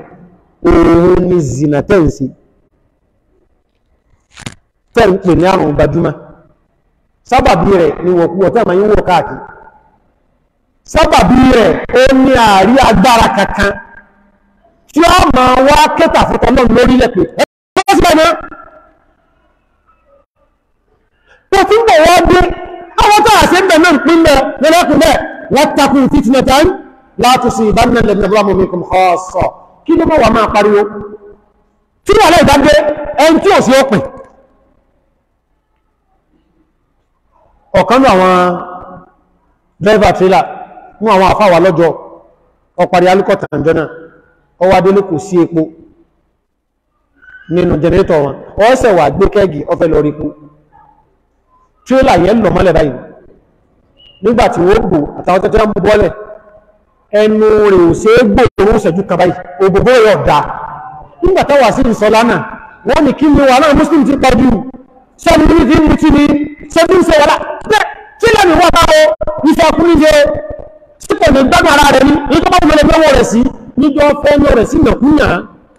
òun ni zina tẹ́ǹsì tẹ́ǹ pè ní àrùn gbajúmọ̀ sábàbí rẹ̀ ni wọ́n kú ọ̀tá àmà yín wọ̀ káàkiri sábàbí rẹ̀ ó ní àárí agbára kankan tí àwọn tó àṣẹ ń bẹ̀ náà pín bẹ̀ lọ́lọ́kùn bẹ̀ látàkù fitnatan látùsí ìbánilẹ̀ lẹ́bùrámù mi kùn ọ̀sọ̀ kí ló mọ̀ wà máa pariwo tí wà láì dágbé ẹni tí ò sí ọ̀pẹ̀ ọ̀kanú àwọn dẹ́ẹ̀bà tílà mú àwọn àfáwà lọ́jọ́ ọparí alúkọ̀tà àjọ́nà ọwá délé kò sí epo nínú jẹnẹrétọ̀ wọn ọ́sẹ̀ wà gbé kẹ́gì ọfẹ́ lọ rí epo tírélà yẹn lọ mọ́lẹ̀ báyìí nígbà tí wọ́n gbò àtàwọn tẹ́tẹ́ ń bọ́lẹ̀ ẹnu rẹ̀ ò ṣe é gbòòrò ṣẹ́jú kan báyìí ògbògbò rẹ̀ ọ̀dà nígbà táwà sí ìsọ̀lá náà wọ́n ní kí ni wà náà muslim ti pọ̀jù sọ́ni ní ti mutí ni sọ́ni ń ṣe wàlá bẹ́ẹ̀ kí lẹ́nu wọ́n táwọ́ ìfẹ́ ọkùnrin ṣe sípò ní gbẹ́nu ara rẹ̀ ní ní tó bá wọlé gbẹ́wọ̀ rẹ̀ sí níjọ́ fẹ́ ní rẹ̀ sí nàkúnyà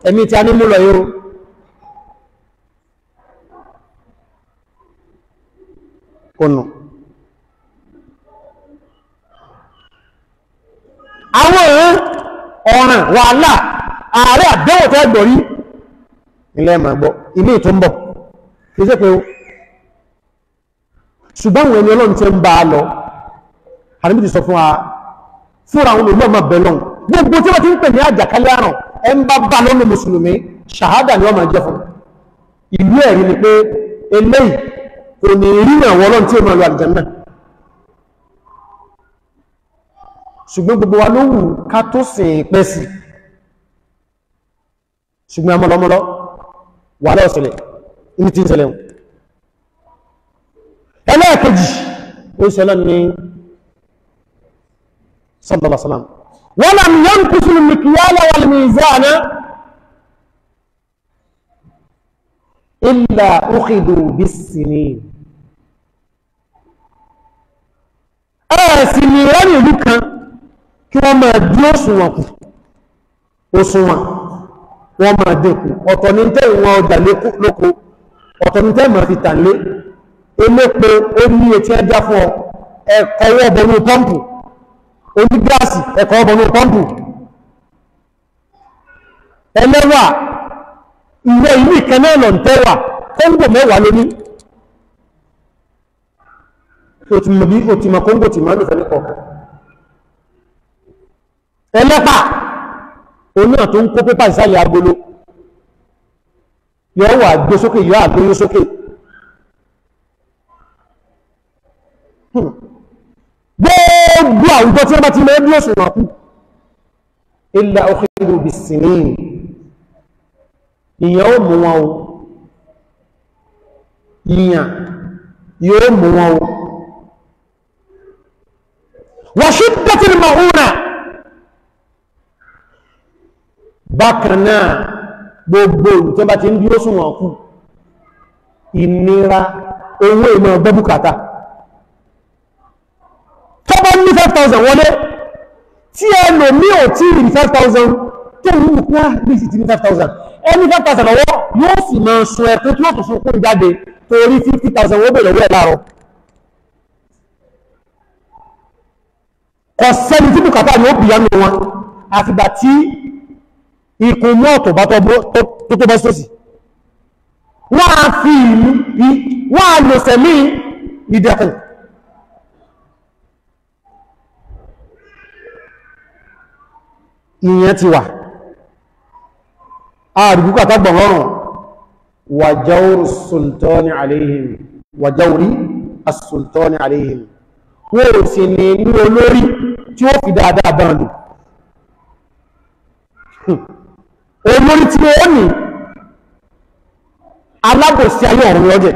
ẹ̀mí ti a ní mú lọ yóò ọ̀nà àwọn ọ̀rán ọ̀ràn wàhálà ààrẹ àbẹ́wò tó ẹgbọ̀ rí ilẹ̀ màgbọ́ ilé tó ń bọ̀ kí sí pé ó ṣùgbọ́n àwọn ẹni ọlọ́run tẹ́ ń bá a lọ àríbí ti sọ fún a fúnra àwọn olùgbọ́n máa bẹ̀ lọ́hùn gbogbo tí wọ́n ti ń pè ní àjàkálẹ̀ àrùn ẹ ń bá bá lọ́nà mùsùlùmí ṣàhádà ni wọ́n máa jẹ́ fún ìlú ẹ̀rí ni pé eléyìí kò ní rí àwọn ọlọ́run tí ó máa lọ àjẹ́mà ṣùgbọ́n gbogbo wa ló wù ká tó sìn pẹ́sì ṣùgbọ́n amọ́lọmọ́lọ́ wà lọ́ọ̀sẹ̀lẹ̀ ní ti ń ṣẹlẹ̀ ẹlẹ́ẹ̀kejì ó ṣẹlẹ̀ ní sallallahu alaihi illa ukhidhu bis-sinin ẹ̀ẹ̀sì ni ẹ̀rì ìlú kan kí wọ́n máa dí òṣùwọ̀n kù òṣùwọ̀n wọ́n máa dínkù ọ̀tọ̀ ní tẹ́ ìwọ̀n ọjà lóko ọ̀tọ̀ ní tẹ́ máa fi tàlé elépo ó ní etí ẹja fún ọ ẹ̀kọ́ ọwọ́ bọnú pọ́ǹpù oní gáàsì ẹ̀kọ́ ọwọ́ bọnú pọ́ǹpù ẹlẹ́wà ìwé ìlú ìkẹ́nẹ́ ọ̀nà ń tẹ́wà kóńgò mẹ́wàá lóní o ti mọ̀ bí o ti mọ̀ kóńgò tí máa lò fẹ́ nípa ọ̀kan ẹlẹ́pà oníyàn tó ń kó pépà ìsàlẹ̀ agolo yọ wà gbé sókè yọ àgbóyó sókè hmm. gbogbo àwùjọ tí wọ́n bá ti mọ́ ẹbí òsùn náà kú ilẹ̀ ọkùnrin bí sinmi ìyàn ó mú wọn o ìyàn yóò mú wọn o وشدة المؤونة bákan náà gbogbo tó bá ti ń bí ó súnwọ̀n kú ìnira owó ìmọ̀ gbọ́bùkátà tó bá ní 5,000 wọlé tí ẹlò mí ò tí rí 5,000 tó ń mú kúrò bí sí ti ní 5,000 ẹni 5,000 lọ́wọ́ yóò sì máa sun ẹ̀kún tí wọ́n tó fún kún jáde torí 50,000 wọ́bẹ̀ lọ́wọ́ ẹ̀ láàrọ̀ kọ sẹ́ni tí bùkátà ni ó bìyànú wọn àfìgbà tí ikùn mú ọ̀tọ̀ bá tó tó bọ́ sósì wọ́n a fi ìlú wọ́n a lò sẹ̀mí ìdẹ̀kùn ìyẹn ti wà àrùbùkà tágbọ̀nrọ̀rùn wàjáwòrì as-sultani alayhim wàjáwòrì as-sultani alayhim wọn ò sì ní ní olórí tí ó fi dáadáa bá lò olórí tí ó ní alábòsí ayé ọ̀run lọ́jẹ̀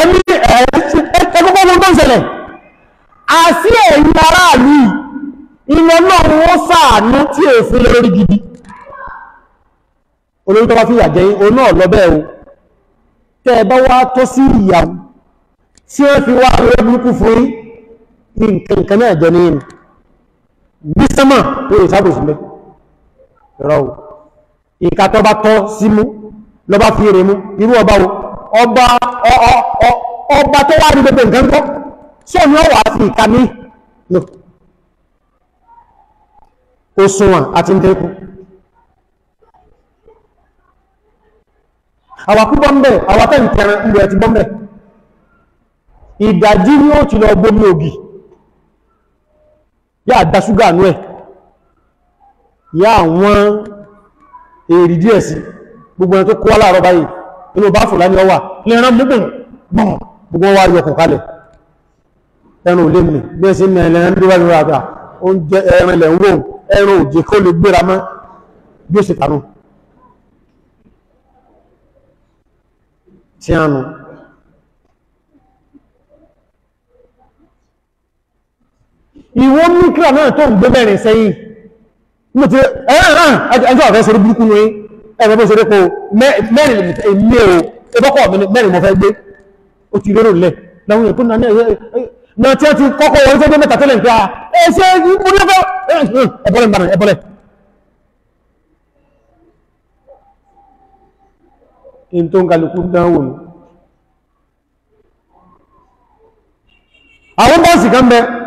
ẹni ẹ̀ẹ́dẹ́gbọ́n ló ń ṣẹlẹ̀ àti ẹ̀yìn aráàlú ilẹ̀ náà ni wọ́n sàánú tí èfin lórí gidi olórí tó bá fi yà jẹ́yìn onáà lọ́bẹ̀ o tẹ́ ẹ bá wá tó sí ìyàwó tí ó fi wá àwọn burúkú fún yí nǹkan nǹkan náà jọ ní ìrìn bí sánmà tó lè sábò sílẹ̀ rọ o ìka tó bá tọ́ sí mú lọ́ba fi rè mú irú ọba o ọba ọba tó wá ní gbogbo nǹkan kọ́ tí òun náà wà á fi ìka mí lò òṣùwọ̀n àti ndẹ́kù àwàkú bọ́m̀bẹ̀ àwàtẹ̀ ìkẹrin ìlú ẹ̀ ti bọ́m̀bẹ̀ ìdàjí ní ó ti lọ gbómi ògì yá àdá ṣúgà ní ẹ̀ yá àwọn èrì díẹ̀ sí gbogbo ẹni tó kó aláàrọ̀ báyìí inú bá fò láni ọwà lẹ́ran múgbùn gbogbo wá yọkùn kalẹ̀ ẹran olè mi bí ẹ sí ní ẹran ló wà lórí àgbà oúnjẹ ẹran ilẹ̀ ń wò ẹran òjè kó lè gbéra mọ́ bí ó sì tànú tí a nù ìwọ mìkírà náà tó ń gbé mẹ́rin sẹ́yìn mo ti ẹ̀rán ẹjọ́ ọ̀fẹ́ sórí burúkú ní ẹ̀rọ bó sórí po mẹ́rin ilé o ẹbọ́kọ̀ mi mẹ́rin mo fẹ́ gbé ó ti rérò lẹ̀ láwọn èkó náà náà tí a ti kọ́kọ́ orí tó gbé mẹ́ta tẹ́lẹ̀ nípa ẹ̀ṣẹ́ ìgbónífẹ́ ẹ̀bọ́lẹ̀ mẹ́rin ẹ̀bọ́lẹ̀ in tó ń galùkú dánwò ní àwọn bọ́ọ̀sì kan bẹ́ẹ̀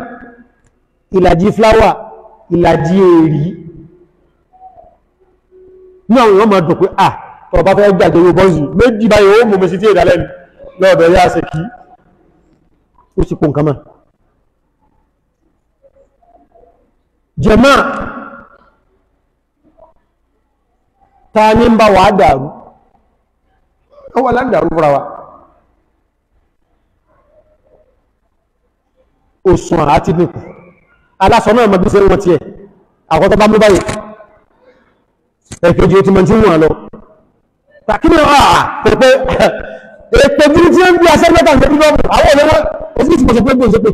ìlàjì fláwà ìlàjì èrí ní àwọn èèyàn máa dùn pé à ah, ọba fẹ́ gbàgbé owó bọ́ọ̀sù méjì báyìí ó mú mi sí tí ìdálẹ́ ní lọ́ọ̀dọ̀ yá ṣe kí ó sì pò nǹkan mọ́ jẹ́mà ta ní ń bá wà á dàrú ọwọ́ aládàrú fúra wa òsùn àti nìkùn aláṣọ náà mọ̀ bí ṣe wọ́n tiẹ̀ àwọn tó bá mú báyìí ẹ̀kejì ó ti mọ̀ tí wọ́n lọ tàkínà àà pẹ̀pẹ́ èpè bí tí ó ń bí asẹ́gbẹ́ta ń sẹ́gbẹ́ ọ̀pọ̀ àwọn ọ̀lẹ́wọ́ òsì ti mọ̀sẹ̀ pé gbọ́n sẹ́pẹ́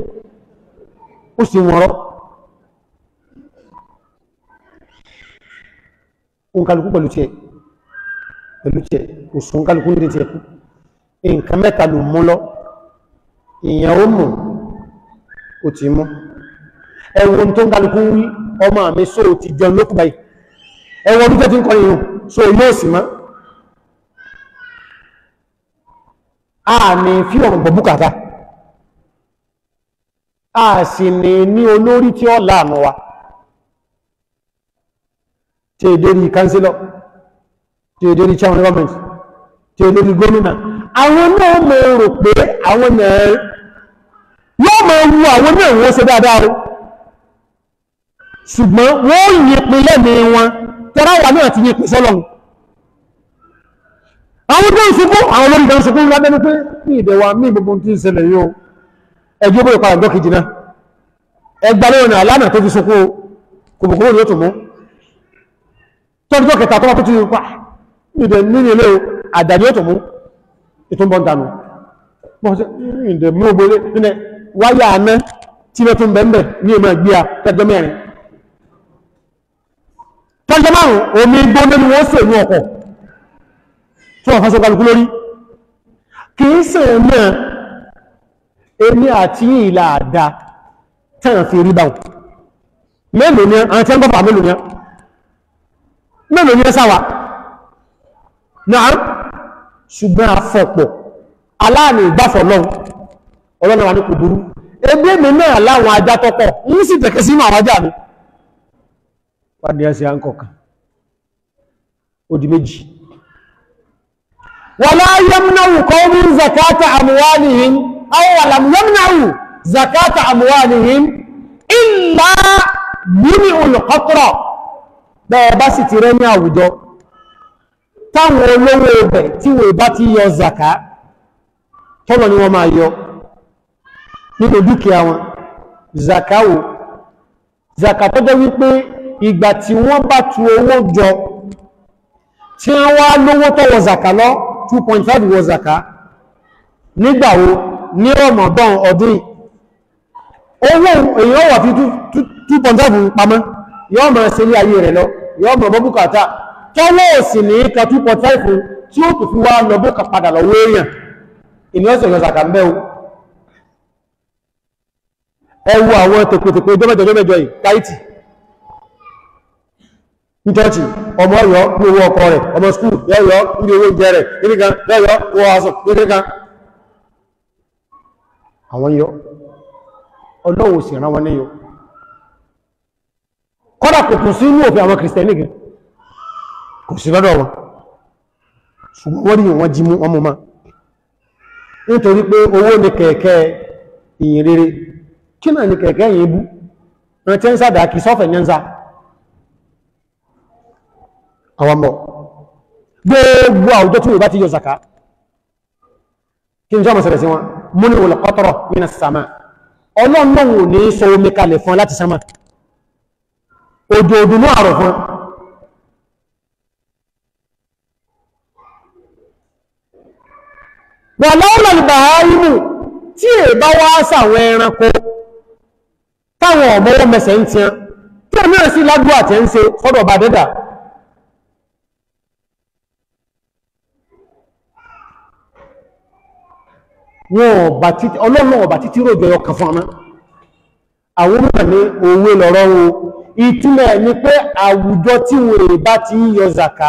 pẹ̀lú ìyàwó mọ̀ ó ti mú ẹwọ́n tó ń kálukú wí ọmọ mi só ti jẹun lókù báyìí ẹwọ́n tó tẹ́tí ń kọ́ ìrùn so ilé òsì mọ́ a ní fí ọ̀rùn bọ̀ a sì ní ní olórí tí ó láàánú wa tí è dérí kánsílọ̀ tí è dérí chairman government tí è dérí gómìnà àwọn náà mọ̀ rò pé àwọn náà yóò mọ̀ wu àwọn náà wọ́n ṣe dáadáa o ṣùgbọ́n wọ́n yìnpin lẹ́mìí wọn tẹ́rà wà náà ti yìnpin sọ́lọ́run àwọn tó ń sunkún àwọn olórin tó ń sunkún lábẹ́nu pé ní ìdẹ̀wà mí gbogbo tí ń ṣẹlẹ̀ yóò ẹjọ́ bó ìpàdà ọjọ́ kejì náà ẹgbà lóòrìn ni ó tún mú tọ́jọ́ kẹta tó wá tó ti pa ìdẹ̀ nínú ilé àdàní ó tún mú ètò ń wáyà aná tí wọ́n tún bẹ́ẹ̀ ní èmọ̀ ẹgbẹ́ tọ́jọ́ márùn omi gbóná ni wọ́n sèlú ọkọ̀ tí wọ́n fásọ kálukú lórí kì í sè náà èmi àti yìí làádá tẹ́ràn fi rí báwọn mélòó ni àwọn tẹ́ ń bọ́pàá mélòó ni mélòó ni sáwà náà ṣùgbọ́n afọ́pọ̀ aláàmì ìgbàfọ̀ náà ọlọ́nà wà ní kò burú ebí èmi náà láwọn ajá tọ́pọ̀ ń sì tẹ̀kẹ́ sínú àwọn ajá mi pàdé ẹsẹ̀ àǹkọ̀kan ó di méjì wala yamna'u qawmun zakata amwalihim aw lam yamna'u zakata amwalihim illa yìí olùkọ́tọ̀rọ̀ bẹ́ẹ̀ bá sì ti rẹ́ ní àwùjọ táwọn olówó ibẹ̀ tí wọ́n bá ti yọ zaka tọ́lọ ni wọ́n máa yọ nínú dúkìá wọn zaka wo zaka tó wípé ìgbà tí wọ́n bá tu owó jọ tí wọ́n wá lówó tó wọ zàkà lọ 2.5 wọ zàkà nígbàwo ní ọmọdán ọdún owó èyàn wà fi 2.5 pamọ́ yọ́ mọ̀ sí ní ayé rẹ̀ lọ yọ́ mọ̀ bọ́bùkátà tọ́wọ́ òsì ní ka 2.5 tí ó tó fi wá lọ bókà padà lọ́wọ́ èèyàn ìníọ́sọ̀ yọ zàkà mẹ́ o ẹwu àwọn tòkòtòkò jọ́mẹ́jọ jọ́mẹ́jọ yìí káìtì nítọ́ọ̀tì ọmọ ọ̀yọ́ ní owó ọkọ rẹ̀ ọmọ skúl yọ́yọ́ ní owó jẹ rẹ̀ nínúkan yọ́yọ́ wọ aṣọ nínúkan àwọn yọ ọlọ́wọ̀ sì rán wọn níyọ kọ́dà kò tún sí inú òfin àwọn kìrìsìtẹ́nì gan wọn ṣùgbọ́n wọ́n jí mú ni kẹ̀kẹ́ àwọn mọ̀ gbogbo àwùjọ tí ìbá ti yọ zaka kí n jọ mọ̀sẹ̀rẹ̀ sí wọn mú ní wòlò kọ́tọ̀rọ̀ nínú sàmà ọlọ́nà wò ní sọ omi kalẹ̀ fún láti sàmà òdòdó náà rọ̀ fún wọ́n lọ́rọ̀ ìbáyìmù tí ìbá bá dẹ́dà ọlọ́run ọba títí rògbẹ̀ ọkàn fún ọmọ àwọn mọ̀ ní òwe lọ́rọ̀ wọn ìtumọ̀ ní pé àwùjọ tí wọ́n bá ti ń yọ zàká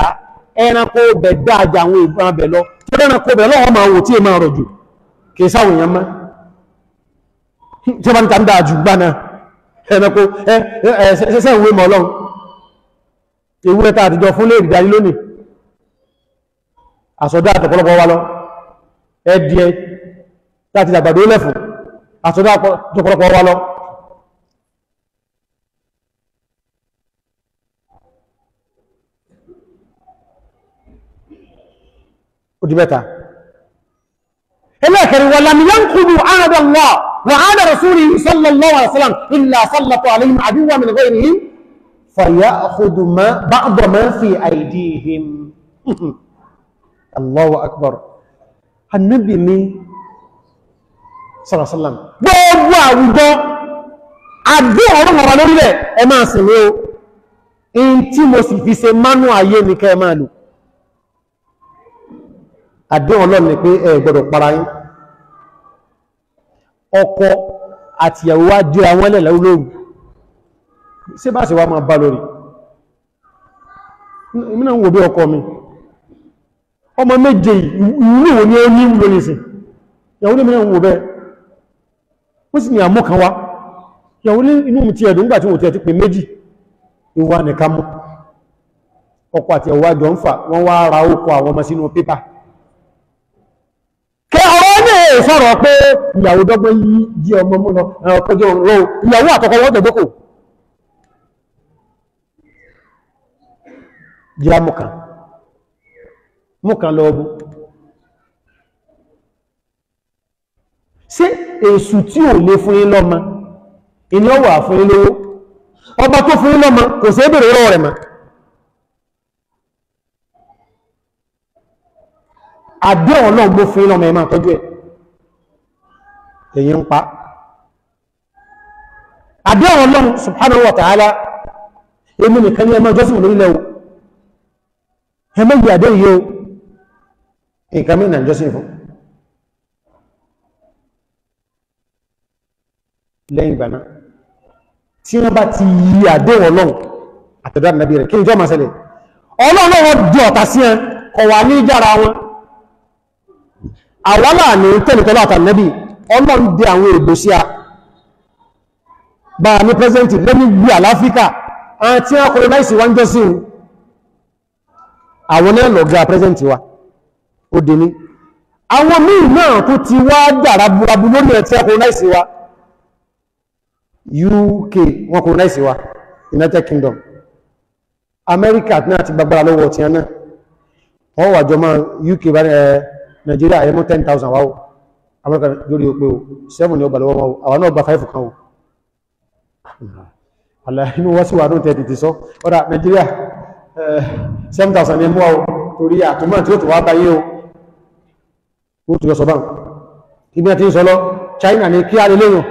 ẹranko bẹ̀ dáadà àwọn ìbọn abẹ̀ lọ tí ẹranko bẹ̀ lọ́wọ́ máa wò tí è máa rọ̀ jù kì í sáwọn èèyàn mọ́ tí wọ́n bá ń ta ń dáa jù gbá náà ẹranko ẹsẹ̀ ìwé mọ́ ọlọ́run ewúrẹ́ tá àtijọ́ fún lè dìdarí lónìí àsọdá àtọ̀pọ̀lọpọ̀ wa lọ ẹ̀dìẹ̀ láti àgbàdo lẹ́fún àtúndà jọpọ̀lọpọ̀ wa lọ òdì mẹ́ta ẹlẹ́ẹ̀kẹ̀rẹ̀ wà lámìyàn kúrò àádọ́lọ́ wà áàdà rasúrí sallallahu alaihi wasallam illa sallatu alaihim aduwwa min ghayrihim فيأخذ ما بعض ما في أيديهم الله أكبر النبي sọ̀rọ̀sọ̀lọ́m gbogbo àwùjọ àdé ọ̀rọ̀ ọ̀rọ̀ lórílẹ̀ ẹ máa sì ní o in tí mo sì fi ṣe mánú ayé ní kẹ máa lò àdé ọlọ́m ni pé ẹ gbọ́dọ̀ para yín ọkọ àtìyàwó wá jẹ́ àwọn ẹlẹ́lẹ́ olóòrùn sí bá sì wá máa bá lórí ìmìnà ń wò bí ọkọ mi ọmọ méje ìwúlò ní ó ní ń wò bẹ́ẹ̀ wọ́n sì ní àmọ́ kan wá ìyàwó ní inú mi ti ẹ̀dùn nígbà tí wọ́n ti ẹ̀ ti pè méjì ìwà nìkan mú àti ẹ̀wà jọ ń fà wọ́n wá ra ókọ àwọn ọmọ sínú pépà ní pé ìyàwó dọ́gbọ́n yí jí ọmọ mú lọ ìyàwó ṣé èṣù tí ò lè fún yín lọ́mọ iná wà fún yín lówó ọba tó fún yín lọ́mọ kò sí ébèrè rọ rẹ̀ mọ́ àdé ọlọ́run ló fún yín lọ́mọ ẹ̀ máa tọ́jú ẹ̀ èyí ń pa àdé ọlọ́run subhanahu wa ta'ala èmi nìkan ní ẹmọ jọ́sìn lórílẹ̀ o ẹmọ ìgbà àdé yìí o lẹ́yìn ìgbà náà tí wọ́n bá ti yí àdéhùn ọlọ́run àtẹ̀dọ́ ànábì rẹ̀ kí ni jọ́ máa ṣẹlẹ̀ ọlọ́run di ọ̀tá sí ẹ kọ̀ wà ní ìjára wọn àwọ́là ní tẹ́lẹ̀tọ́lá àtànábì ọlọ́run di àwọn èdò sí a bá ní pẹ́sẹ̀ntì lẹ́mí gbí àláfíkà àti ọkùnrin láìsí wá ń jọ sí àwọn náà lọ̀gá pẹ́sẹ̀ntì wa ó dì ní àwọn míì náà tó ti wá dàrà burabu lórí ẹ̀ tí ọkùnrin láìsí wa UK wọn kò náà ìsìwá United Kingdom America náà ti gbagbára lọ́wọ́ ọ̀tí ẹ̀nà wọ́n wà jọ máa UK bá Nigeria ẹ̀mọ́ 10,000 wáwọ́ America lórí òpé o 7 ni ó gbàlọ́wọ́ wọ́n àwọn náà gba 5 kan o aláìnú wọ́n sì wà ní tẹ́tì ti sọ ọ́dá Nigeria 7,000 ni mọ́ o torí àtúmọ̀ tí ó tó wá báyé o ó tó yọ sọ báwọn ibi àti ìsọlọ China ni kí á lè léyìn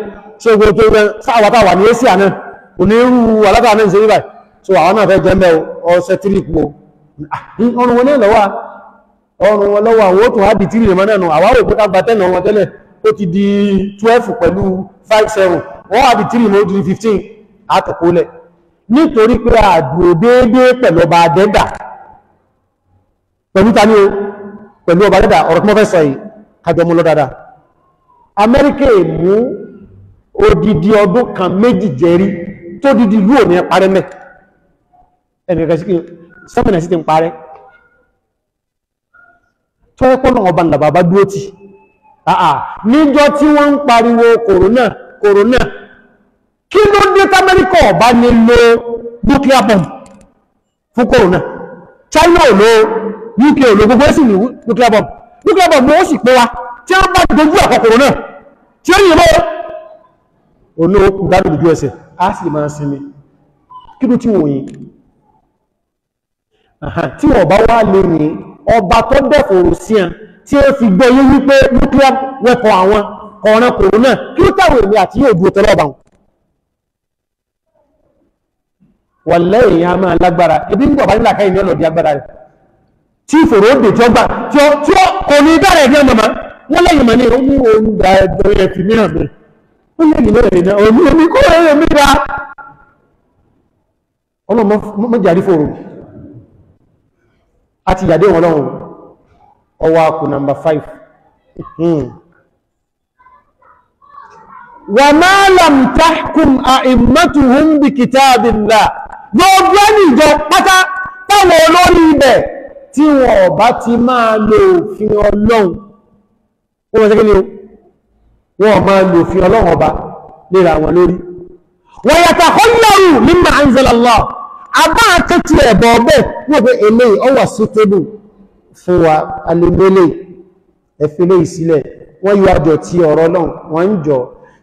ṣógbó tó rẹ sáwàtà wà ní asia náà onírú alága náà ṣe ríbà so àwọn náà fẹ́ jẹ́mẹ́ ọ̀sẹ̀ tírì kú ọrùn wọn lọ́wọ́ ọrùn wọn lọ́wọ́ àwọn òtún àbí tírì rẹ̀ mọ́nà àwọn òpó gba ti di 12 pẹ̀lú 57 wọ́n àbí tírì mọ́ di 15 àtọ̀kólẹ̀ nítorí pé àdúró déédéé pẹ̀lú ọba adẹ́dà pẹ̀lú tani o pẹ̀lú ọba adẹ́dà ọ̀rọ̀ tí wọ́n fẹ́ sọ yìí odidi ọdún kan méjì jẹ́rí tó didi ìlú òní parẹ́ mẹ́ ẹnìkan sí kí sẹ́mìnà sí ti ń parẹ́ tó ẹ́kọ́ náà ọba ńlá bàbá dúró tì àà níjọ́ tí wọ́n ń pariwo kòrónà kòrónà kí ló dé tamẹ́ríkà ọba ní lo nuclear bomb fún kòrónà China ò lo UK ò lo gbogbo ẹ̀sìn ní nuclear bomb nuclear bomb ni ó sì pé wa tí wọ́n bá dojú àkọkòrò náà tí ó yìnbọn olóòkù gbádùn lójú ẹsẹ̀ á sì máa sinmi kí ló tí wọ́n yìí tí wọ́n bá wá lè ní ọba tó dẹ̀fòrò sí ẹ tí ó fi gbé yí wípé nuclear weapon àwọn kọ̀ọ̀rán kòrónà kí ló táwọn èmi àti yóò dúró tọ́lọ́bà wọn wà lẹ́yìn a máa lágbára ibi ń bọ̀bá nílàkà ìní ọlọ́dí agbára rẹ̀ tí ìfòrò ó dè tí ó gbà tí ó kò ní dára ẹ̀dí ọmọ mọ́ wọ́n lẹ́yìn mọ́ ní ohun ìgbà ẹ̀dọ̀ onye lè nìyẹn ènìyàn òní omi kó èrè mi ra ọlọ́run mọ́jàrí fòrò àti ìyàdé wọn ọwọ́ akù nàmbà 5 hmm. wà máa lam tahkum a bi kitabillah gbogbo ẹni ìjọ pátá táwọn olórí ibẹ̀ tí wọn ọba ti máa wọ́n ma lò fi ọlọ́wọ́ ọba léra wọn lórí wọ́n yàtà ọlọ́rù mímọ̀ anzalallah àbá àtẹ́tì ẹ̀bọ̀ ọbẹ̀ wọ́n pé èlé ọwà sútébù fún wa alèmélè ẹ̀fẹ́lẹ́ ìsílẹ̀ wọ́n àjọ ti ọ̀rọ̀ náà wọ́n ń jọ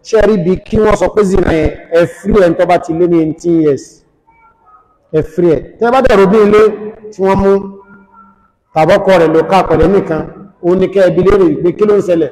ṣẹ́rí bí kí wọ́n sọ pé zina ẹ̀frí ẹ̀ tó bá ti lé ní 18 years ẹ̀frí ẹ̀ tẹ́ bá dẹ̀rọ bí ilé tí wọ́n mú tàbọ́kọ rẹ̀ lọ nìkan kẹ́ ẹbí kí ló ń ṣẹlẹ̀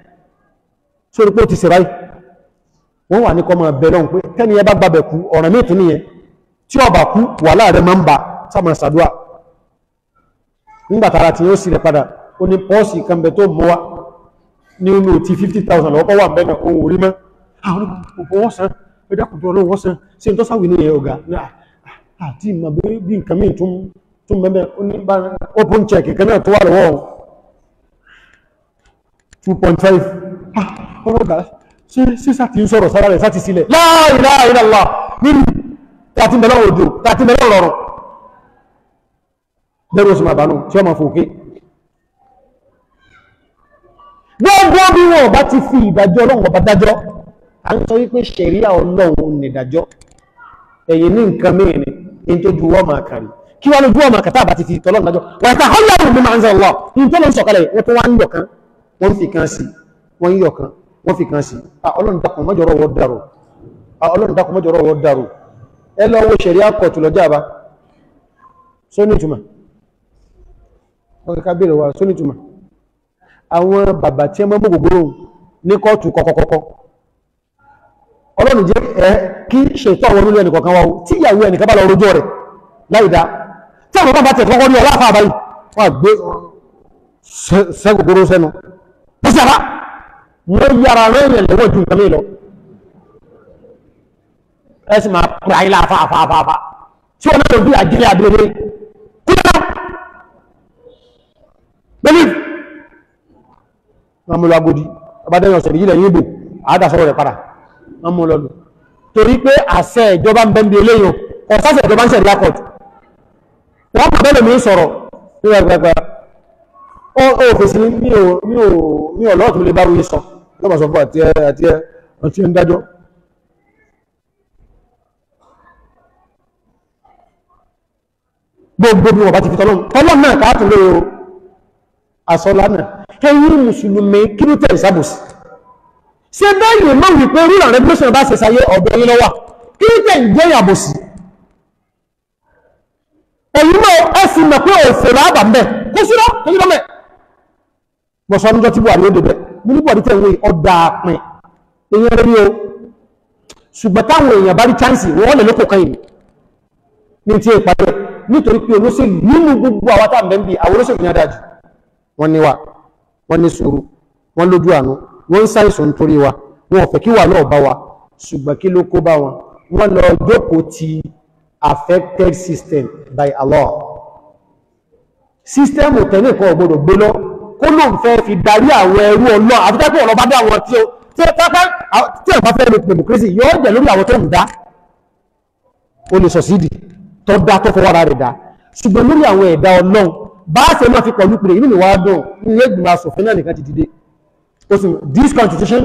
sórí pé ó ti ṣe báyìí wọ́n wà ní kọmọ bẹ̀rẹ̀ òun pé tẹ́ni ẹ bá gbàbẹ̀ kú ọ̀ràn mẹ́tún nìyẹn tí ọba kú wà láàrẹ máa ń bà sáàmà sàdúà nígbàtàrà tí ó sì rẹ̀ padà ó ní pọ́ọ̀sì kanbẹ̀ tó mọ́ wa ní inú ti 50,000 lọ́pọ̀ wà mẹ́rin ohun orí mọ́ àwọn òpó wọ́n san ẹ̀dàkùnjọ ọlọ́run wọ́n san sí ń tọ́sáwì ní ẹ̀ ọ̀gá àti ìmọ̀ bí nǹkan mí tún mẹ́mẹ́ open check kan náà tó wà lọ́wọ́ 2.5 Ah, ọlọ́gà sísá ti ń sọ̀rọ̀ sára rẹ̀ sáti sílẹ̀ la ilaha illallah nínú tàti mẹ́lá òjò tàti mẹ́lá ọ̀rọ̀ lẹ́rù oṣù màbánú tí ọmọ fòkè gbogbo bí wọn bá ti fi ìdájọ́ ọlọ́run ọba dájọ́ a ń sọ wípé ṣẹ̀ríà ọlọ́run nìdájọ́ ẹ̀yìn ní nǹkan mẹ́rin ní tó ju wọ́n máa kàrí kí wọ́n lójú ọmọ kàtà àbàtì ti tọ́lọ́run dájọ́ wọ́n ta họ́lọ́run bí máa ń zọ lọ ní tó lọ sọ̀kalẹ̀ wọ́n tó wá ń yọ̀ kan wọ́n fi kan sí i wọ́n yíyọ̀ kan wọ́n fi kan sí ọlọ́run dákun mọ́jọ́rọ̀ wọ́n dàrò ọlọ́run dákun mọ́jọ́rọ̀ wọ́n dàrò ẹ lọ́wọ́ ṣẹ̀rí àkọ̀tù lọ́jà bá sónìtùmọ̀ ọkẹ́ká bèèrè wa sónìtùmọ̀ àwọn bàbá tí wọ́n mọ́ gbogbo ní kọ́ọ̀tù kọ̀kọ̀kọ̀kọ̀ ọlọ́run jẹ́ ẹ kí ṣètò àwọn olóyè ẹnì kọ̀ọ̀kan wa tí ìyàwó ẹnì kan bá lọ rojọ́ rẹ̀ láì dá tí àwọn bàbá tẹ̀ kọ́kọ́ rí ọlá àfáà báyìí wọ́n gbé sẹ́gbogbo sẹ́nu wọ́n yára lóyìn lọ́wọ́ ju nǹkan mi lọ ẹ sì máa pè ayé láfa afa afa afa tí wọn náà lọ bí àjílẹ̀ àbẹ̀rẹ̀ kúlọ̀ bẹ́ẹ̀ni wọn mú lọ agodi abadẹ́yìn ọ̀sẹ̀ yìí lẹ́yìn ibò àádásọ́rọ̀ rẹ̀ padà wọn mú lọ lọ torí pé àṣẹ ìjọba ń bẹ́ ń bi eléyìí ọ̀sásẹ̀ ìjọba ń ṣe ìlà kọ̀tù wọ́n mọ̀ bẹ́ẹ̀ mi sọ̀rọ̀ ní ẹgbẹgbẹ ó fèsì mi ò lọ́ọ̀tún lè bá wí sọ lọ́pàá sọ fún àti ẹ àti ẹ wọ́n ti ń dájọ́. gbogbo bí wọ́n bá ti fi tọ́lọ́mù tọ́lọ́mù náà káàtì lóye o àsọlá náà ẹ̀yin mùsùlùmí kí ló tẹ̀lé sábòsì ṣé bẹ́ẹ̀ yìí mọ̀ wípé rúlà regulation bá ṣe sáyé ọ̀bẹ yín lọ́wọ́ kí ló tẹ̀lé jẹ́ ìyàbòsì ẹ̀yin mọ̀ ẹ sì mọ̀ pé òfò láàbà ń bẹ̀ kó sí lọ kó sí lọ mẹ́ bọ̀sọ̀ tí buhari ó débẹ̀ mo ní bọ̀dí tẹ̀wé ọ̀dà àpìn èèyàn rẹ̀ ni o ṣùgbọ́n táwọn èèyàn bá rí chance wọ́n lè lóko kan yìí ní ti ìpàdé nítorí pé olóṣèlú nínú gbogbo àwọn tá à ń bẹ́ ń bi àwọn olóṣèlú ní adájú wọ́n ní wa wọ́n ní sùúrù wọ́n lójú àánú wọ́n ń ṣàìsàn nítorí wa wọn ò fẹ́ kí wà náà bá wa ṣùgbọ́n kí ló kó bá wọn wọ́n lọ jókòó ti affected system by Allah system ò tẹ́lẹ̀ kan ò gbọdọ̀ gbé lọ́wọ́ kó lóun fẹ́ fi darí àwọn ẹrú ọlọ́ àfikẹ́kọ̀ọ́ ọ̀rọ̀ bá dé àwọn tí ó tí ó pápá fẹ́ lópin democracy yóò jẹ́ lórí àwọn tó ń dá o lè sọ̀sídì tó dá tó fọwọ́ ara rẹ̀ dá ṣùgbọ́n lórí àwọn ẹ̀dá ọlọ́run bá ṣe máa fi pẹ̀lú pèrè inú mi wá dùn ní ilé asòfin náà nìkan ti dìde o sì this constitution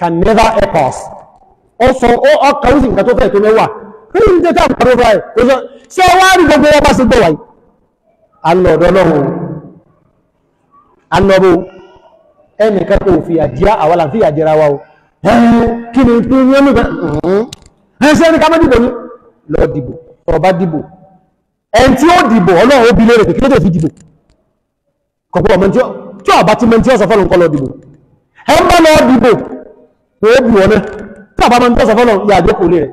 can never help us ó sọ ó ọkà ó sì nǹkan tó fẹ́ tó mẹ́wàá kí ni tẹ́tà àpárọ̀ báyìí ṣé wàá rí gbogbo wọn bá ṣe gbọ̀ wáyìí alọ́bó ẹnìkan kò fi àjíá àwọ́là fi àjíra wa o kí ni tí ní ọmọ ìgbà ẹ̀ṣẹ́ ní ká má dìbò ní lọ dìbò tó bá dìbò ẹn tí ó dìbò ọlọ́run ó bí lérè kí ló tó fi dìbò kọ̀pọ̀ ọmọ tí ó bá ti mẹ́ntí ọ̀sọ̀ fọ́lọ̀ nǹkan lọ dìbò ẹ bá lọ dìbò ó bù ọ̀nà tí ó bá mẹ́ntí ọ̀sọ̀ fọ́lọ̀ yà àjọ kò lè rẹ̀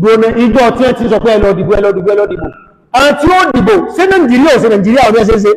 gbọ́nà ìjọ tí ẹ ti sọ pé ẹ lọ dìbò ẹ lọ dìbò ẹ lọ dìbò àwọn tí ó dìbò sí Nàìjíríà ò sí Nàìjíríà ò ní ẹsẹ̀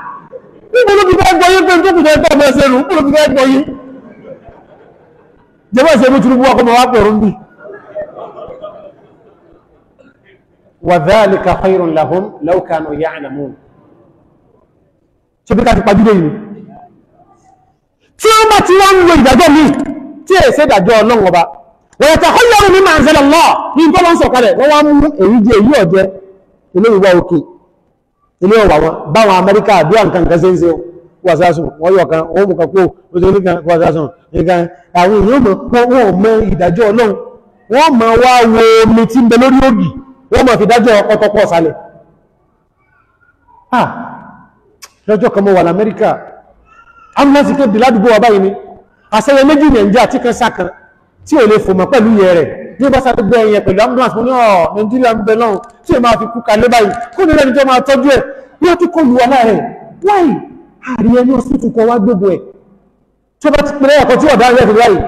níbo ló fi fẹ́ gbọ́ yín pé tó kù fẹ́ tọ́ ọmọ ẹsẹ̀ rù níbo ló fi fẹ́ gbọ́ yín jẹ́mọ́ ìṣẹ́bí Tinubu ọkọ̀ mọ̀ wá pẹ̀rún bí wa dhalika khayrun lahum law kanu ya'lamun ṣe bí ká ti pàdúrà yìí tí ó bá ti wọ́n lo ìdájọ́ mi tí è ṣe ìdájọ́ ọlọ́run ọba wọ́n ta kọ́ yẹ́rù ní màá ń ṣẹlẹ̀ lọ́ọ̀ ní ìtọ́lọ́sọ̀kalẹ̀ wọ́n wá mú èyí jẹ èyí ọ̀jẹ́ ilé ìwà òkè ilé ọ̀wà wọn báwọn amẹ́ríkà bí i nǹkan kẹsẹ̀ ń se wàsásùn wọ́n yọ̀ kan wọ́n mú kan kó lóṣèlú kan wàsásùn nǹkan àwọn èèyàn mọ̀ pọ́ wọ́n mọ ìdájọ́ ọlọ́run wọ́n mọ̀ wá wo omi tí ń bẹ lórí ògì wọ́n mọ̀ fi dájọ́ ọkọ̀tọ̀pọ̀ sálẹ̀ ah lọ́jọ́ kan mọ̀ wà lamẹ́ríkà amúlásíkẹ́ bìládùgbò wà báyìí ni àṣẹyẹ méjì nàìjíríà tí kan sákan tí ò lè fòmọ̀ pẹ̀lú yẹ rẹ̀ ní bá sáré gbé ẹyẹ pẹ̀lú ambulance mo ní ọ̀ nàìjíríà ń bẹ lọ́hùn tí èèyàn máa fi kú kalẹ̀ báyìí kó nílẹ̀ níjọ́ máa tọ́jú ẹ̀ yóò tún kó lùwọ́ láàrẹ̀ wáì àrí ẹni ọ̀sìn tún kọ wá gbogbo ẹ̀ tí ó bá ti pẹ̀lẹ́ ẹ̀kọ́ tí ọ̀dá rẹ̀ fi báyìí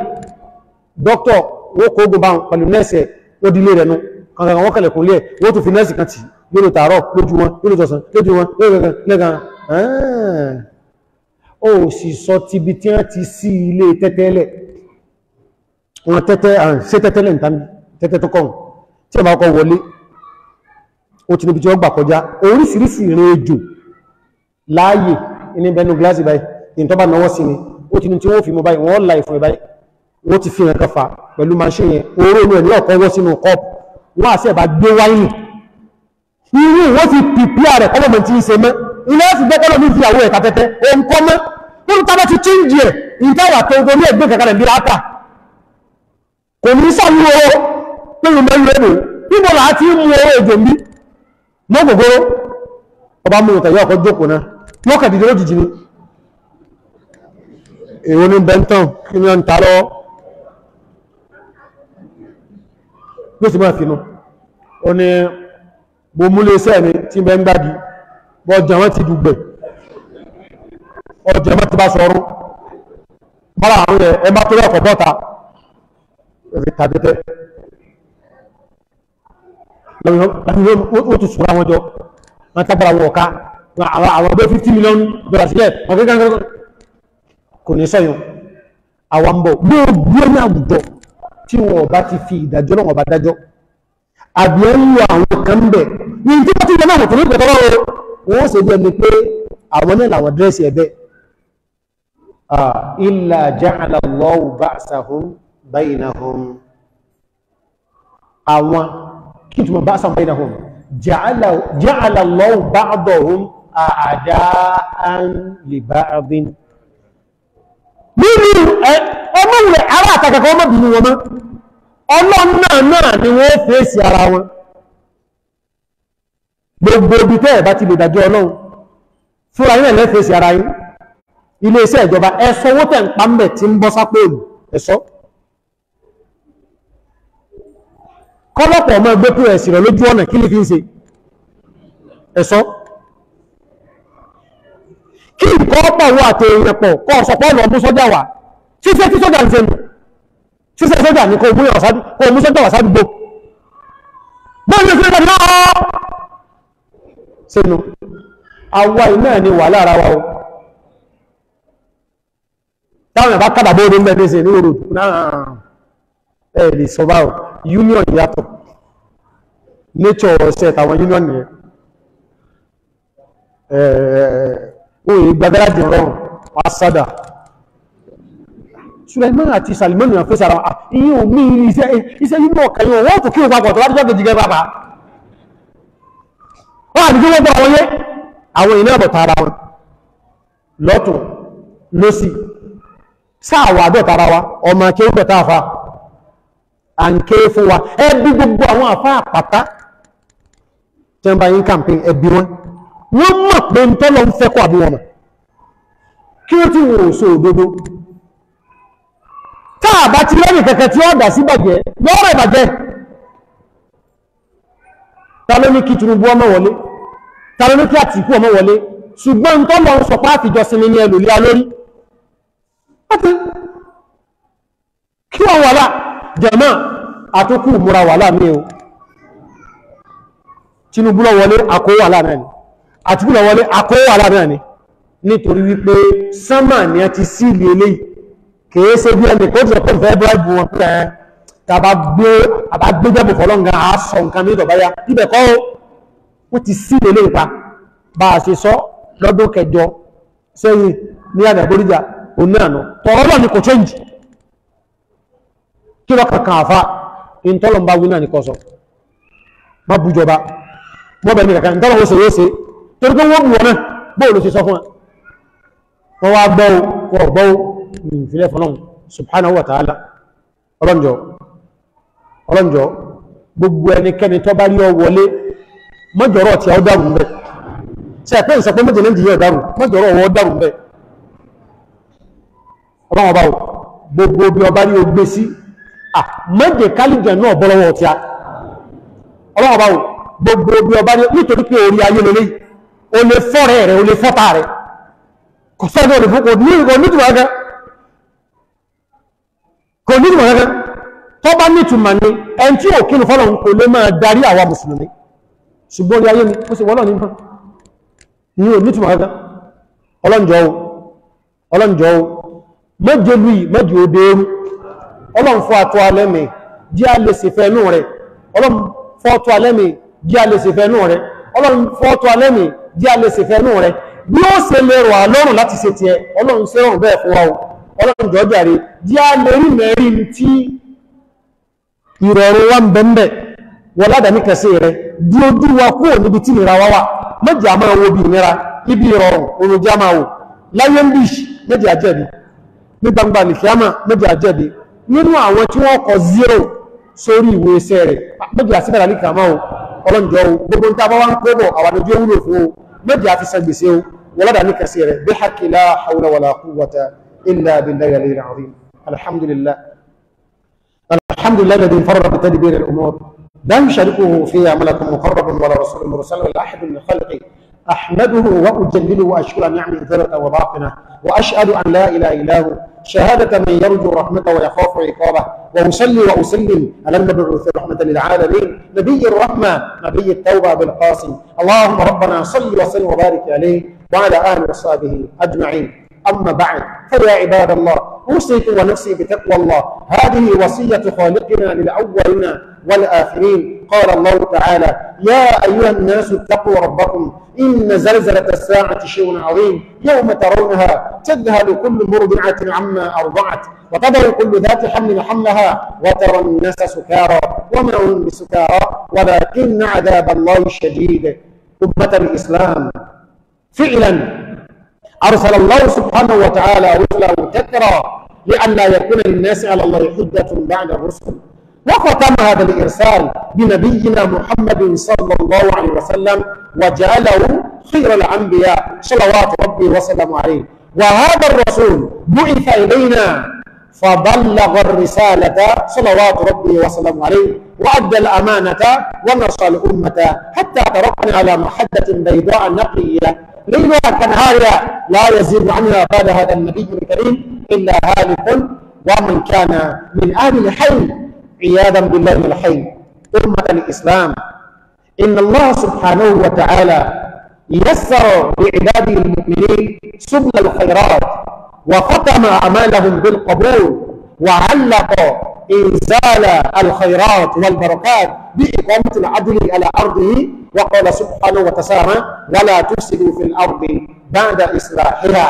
dókítọ̀ wọ́n kó ogun bá wọn pẹ̀lú nẹ́ẹ̀sì ẹ̀ ó di ilé rẹ̀ nu kankan wọ́n kẹlẹ̀ kúnlé ẹ̀ wọ́n tún fi nẹ́ẹ̀sì kan tì lórí tààrọ̀ lójú wọn lórí tọ̀sán lójú wọn lórí kankan ó sì sọ tibi tí wọ́n ti sí ilé tẹ́tẹ́lẹ̀ wọn tẹ́tẹ́ àrùn sí tẹ́tẹ́ lẹ́yìn tàbí tẹ́tẹ́ tó kọ̀hún tí ẹ̀bá ọkọ̀ wọlé ó ti níbi tí wọ́n gbà kọjá oríṣiríṣi ìrìn ejò láàyè ní bẹnu gíláàsì báyìí ní tọ́ba náwọ́ sí ni ó ti ní tí wọ́n fi mú báyìí wọ́n la ìfún báyìí wọ́n ti fi hàn kẹfà pẹ̀lú machine yẹn oró inú ẹ̀ ní ọ̀kọ́ wọ́ sínú cup wọ́n àṣẹ ẹ̀bá gbé wáìnì irú wọ́n fi pìpì ààrẹ kọ́mọ̀ mọ̀ tó ń ní ẹ̀gbẹ́ kẹkẹrẹ bí ráta kò ní sọ́wọ́ owó lórí mẹ́rin lónìí níbo là á ti mú owó èdè mbí mọ́ gògóró ọba mú ìtàyẹ ọkọ̀ jókòó náà yóò kẹ̀ dìde lójijì ni èrò ní benton kí ni wọ́n ta lọ́wọ́ ló sì máa finú ó ní mo múlé iṣẹ́ mi tí bẹ́ ń gbádi bọ́ ọjà ti dùgbẹ̀ ọjà wọn ti bá sọ̀rọ̀ mọ́ra àwọn ẹ̀ ẹ is it targeted lọ́yọ́ ó tún àwọn jọ wọ́n tábàrà wọ̀ ká àwọn ọgbẹ́ 50 million dollars sílẹ̀ ọgbẹ́ kankan kò ní sọ́yún àwọn ń bọ̀ gbogbo ẹni àwùjọ tí wọ́n bá ti fi ìdájọ́ náà wọ́n dájọ́ àbí ń lo àwọn kan bẹ̀ ní tí wọ́n ti jẹ́ náà tó ní pẹ̀tọ́ lọ́wọ́ wọ́n sì jẹ́ ni pé àwọn náà làwọn dírẹ́sì ẹ̀bẹ̀ ah, illa ja'ala Allahu ba'sahum bainahum àwọn kí túnmọ̀ bá sàn bainahum ja'ala Allahu ba'dahum a'da'an li ba'din nínú ọmọ ìwẹ̀ ará àtàkàkọ́ ọmọbìnrin wọn mọ́ ọlọ́nà náà ni wọ́n fèsì ara wọn gbogbo ibi tẹ́ ẹ̀bá ti lè dàjọ́ ọlọ́run fúnra ara yín ilé iṣẹ́ ìjọba ẹ̀sọ́ owó tẹ̀ ń pa mẹ́ tí ń bọ́ sápò èlù ẹ̀sọ́ kọ́lọ́pọ̀ ọmọ ẹgbẹ́ pọ̀ ẹ̀sìn rẹ̀ lójú ọ̀nà kí ní kí ń ṣe ẹ̀sọ́ kí nǹkan ọ̀pọ̀ wọ àti èèyàn pọ̀ kọ́ ọ̀sọ̀pọ̀ ọ̀nà ọmú sọ́jà wà ṣíṣe tí sọ́jà ń se nù ṣíṣe sọ́jà ní kò mú o táwọn ẹ̀bá kábàbó orí ń bẹ́ẹ̀ ẹ lè sọ báwo union yàtọ̀ nature ọ̀sẹ̀ tàwọn union ni òye gbàgbẹ́lájì ọ̀rọ̀ asada Suleiman àti Salimani àfẹ́ sára ìyẹn ò mí iṣẹ́ iṣẹ́ yìí mọ̀ kẹyìn owó tó kí o papọ̀ tó wá dúdú jìgẹ́ bàbá wọ́n àti gbogbo àwọn yẹ́ àwọn ìlú ọ̀bọ̀ tara lọ́tún lọ́sí sáà wà tara wa ọmọ kéwọ́ tàfà à ń ké fún wa ẹbí gbogbo àwọn àfa àpàtà tí wọ́n bá yín campaign ẹbí wọn wọ́n mọ̀ pé ń tọ́lọ̀ ń fẹ́ kọ́ àbí wọn mọ̀ kí wọ́n ti wò ó so òdodo tá a bá ti lẹ́yìn kẹ̀kẹ́ tí wọ́n dà sí bàjẹ́ lọ́rọ̀ ìbàjẹ́ ta ló ní kí Tinubu ọmọ wọlé ta ló ní kí Àtìkú ọmọ wọlé ṣùgbọ́n tó lọ sọ pé àfijọ sinmi ní ẹlòlíà lórí láti kí wọ́n wà láà jẹ́mọ́ àtúkù múra wà láàmí o Tinubu lọ wọlé àkówà láàrin àtúkù lọ wọlé àkówà láàrin nítorí wípé sánmà ni a ti sílì eléyìí kìí ṣe bí ẹni kó ti sọpọ̀ fẹ́ bọ́ẹ̀bù wọn pẹ́ tàbá gbé jẹ́bù fọ́lọ́ǹgá àásọ nǹkan ní ni kò kí lọ́kà kàáfà ìntọ́lọ̀mbá wí náà ní kọ́sọ̀ má bújọba mọ́bẹ̀ ní kàkà ìntọ́lọ̀ ó sèwé se torí pé wọ́n mú ọ̀nà bóòlù sí sọ fún wọn wá gbọ́wó wọ́n gbọ́wó ní ìfilẹ̀ fọlọ́n subhanahu wa ta'ala ọlọ́njọ́ ọlọ́njọ́ gbogbo ẹnikẹ́ni tó bá rí ọ wọlé mọ́jọ̀rọ̀ tí a ó dàrú bẹ́ẹ̀ ìsọpẹ́ méje lẹ́yìn yóò dàrú mọ́jọ̀rọ̀ ọwọ́ dàrú bẹ́ẹ̀ ọlọ́wọ́ bá rí o sí mọ́jẹ̀ kálíjẹ̀ náà bọ́lọ́wọ́ tí a ọlọ́wọ́ báwọn gbogbo obi ọba nítorí pé orí ayé lórí o lè fọ́rẹ̀ rẹ̀ o lè fọ́ta rẹ̀ kò sọ́dọ̀ olè fún kò nítumọ̀ gẹ́gẹ́ kò nítumọ̀ gẹ́gẹ́ tó bá nítumọ̀ ní ẹn tí òkínu fọ́lọ̀ kò lè máa darí àwa mùsùlùmí ṣùgbọ́n orí ayé ni ó sì wọ́lọ̀ nípa ní o nítumọ̀ gẹ́gẹ́ ọlọ́njọ́ o ọlọ́njọ́ o mẹ́jọ lùí mẹ́jọ òde eru ọlọ́run fún àtọ́ alẹ́mì jí a lè sèfẹ́ inú rẹ̀ ọlọ́run fún ọtọ́ alẹ́mì jí a lè sèfẹ́ inú rẹ̀ ọlọ́run fún ọtọ́ alẹ́mì jí a lè sèfẹ́ inú rẹ̀ bí ó ṣe lè rọ̀ àlọ́run láti ṣe tiẹ̀ ọlọ́run ṣe rọrùn bẹ́ẹ̀ fún wa o ọlọ́run jọjọ rẹ̀ jí a lè rí mẹ́rin tí ìrọ̀rùn wa ń bẹ́ńbẹ́ wọ ládàáni kẹsí rẹ̀ di ojú wa kúrò níbi máa wo bí nínú àwọn tí wọ́n kọ zero sórí ìwé iṣẹ́ rẹ̀ méjì àti mẹ́ra ní kàmá o ọlọ́njọ́ o gbogbo ń tábọ́ wá ń kóbọ̀ àwọn ojú ewúlò fún o méjì àti san gbèsè o wọ́lọ́dà ní kẹsì rẹ̀ bí hakila haula wala quwwata illa billahi al-ali al-azim alhamdulillah alhamdulillah الذي انفرد بتدبير الامور لا يشاركه فيها ملك مقرب ولا رسول مرسل ولا احد wa خلقه احمده واجلله واشكر نعمه wa وباطنه واشهد ان لا اله الا هو شهادة من يرجو رحمته ويخاف عقابه وأصلي وأسلم على الرسول رحمة للعالمين نبي الرحمة نبي التوبة بالقاسم اللهم ربنا صل وسلم وبارك عليه وعلى آله وصحبه أجمعين أما بعد فيا عباد الله أوصيكم ونفسي بتقوى الله هذه وصية خالقنا للأولين والآخرين قال الله تعالى يا أيها الناس اتقوا ربكم إن زلزلة الساعة شيء عظيم يوم ترونها تذهل كل مرضعة عما أرضعت وتضع كل ذات حمل حملها وترى الناس سكارى وما هم بسكارى ولكن عذاب الله شديد أمة الإسلام فعلا أرسل الله سبحانه وتعالى رسله تكرى لئلا يكون للناس على الله حجة بعد الرسل وختم هذا الإرسال بنبينا محمد صلى الله عليه وسلم وجعله خير الأنبياء صلوات ربي وسلامه عليه وهذا الرسول بعث إلينا فبلغ الرسالة صلوات ربي وسلامه عليه وأدى الأمانة ونصر الأمة حتى تركنا على محدة بيضاء نقية كان هذا لا يزيد عنها بعد هذا النبي الكريم إلا هالك ومن كان من أهل الحي عياذا بالله الحي أمة الإسلام إن الله سبحانه وتعالى يسر لعباده المؤمنين سبل الخيرات وختم أعمالهم بالقبول وعلق إنزال الخيرات والبركات بإقامة العدل على أرضه وقال سبحانه وتسامى ولا تفسدوا في الأرض بعد إصلاحها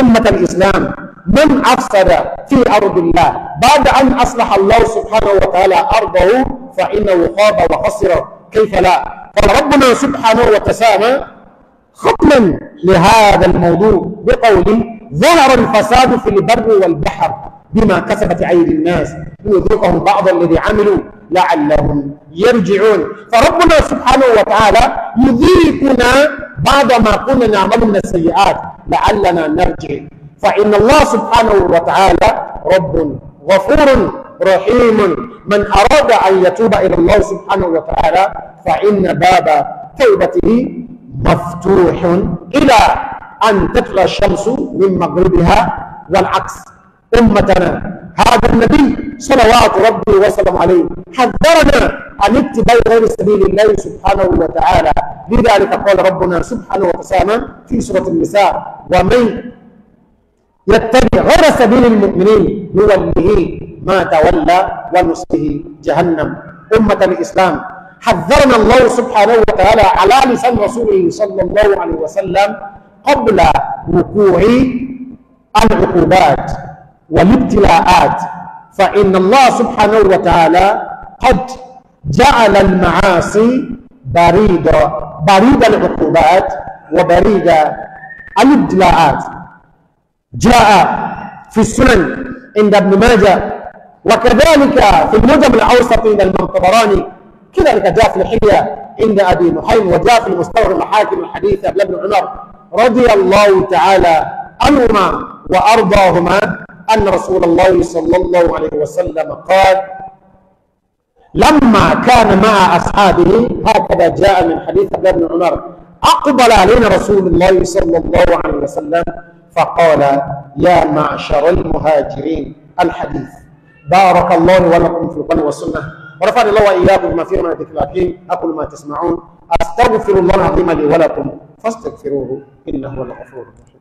أمة الإسلام من أفسد في أرض الله بعد أن أصلح الله سبحانه وتعالى أرضه فإنه خاب وخسر كيف لا قال ربنا سبحانه وتعالى ختما لهذا الموضوع بقوله ظهر الفساد في البر والبحر بما كسبت أيدي الناس ليذوقهم بعض الذي عملوا لعلهم يرجعون فربنا سبحانه وتعالى يذيقنا بعد ما كنا نعمل من السيئات لعلنا نرجع فإن الله سبحانه وتعالى رب غفور رحيم من أراد أن يتوب إلى الله سبحانه وتعالى فإن باب توبته مفتوح إلى أن تطلع الشمس من مغربها والعكس أمتنا هذا النبي صلوات ربي وسلم عليه حذرنا عن اتباع غير سبيل الله سبحانه وتعالى لذلك قال ربنا سبحانه وتعالى في سورة النساء ومن يتبع غير سبيل المؤمنين نوله ما تولى ونصه جهنم أمة الإسلام حذرنا الله سبحانه وتعالى على لسان رسوله صلى الله عليه وسلم قبل وقوع العقوبات والابتلاءات فإن الله سبحانه وتعالى قد جعل المعاصي بريدة بريد العقوبات وبريد الابتلاءات جاء في السنن عند ابن ماجه وكذلك في المجم الاوسط عند المنتظراني كذلك جاء في الحليه عند ابي نحيم وجاء في المستوى المحاكم الحديثه بن عمر رضي الله تعالى عنهما وارضاهما أن رسول الله صلى الله عليه وسلم قال لما كان مع أصحابه هكذا جاء من حديث عبد بن عمر أقبل علينا رسول الله صلى الله عليه وسلم فقال يا معشر المهاجرين الحديث بارك الله ولكم في القرآن والسنة ورفعني الله وإياكم بما فيه من الذكر أقول ما تسمعون أستغفر الله العظيم لي ولكم فاستغفروه إنه هو الغفور الرحيم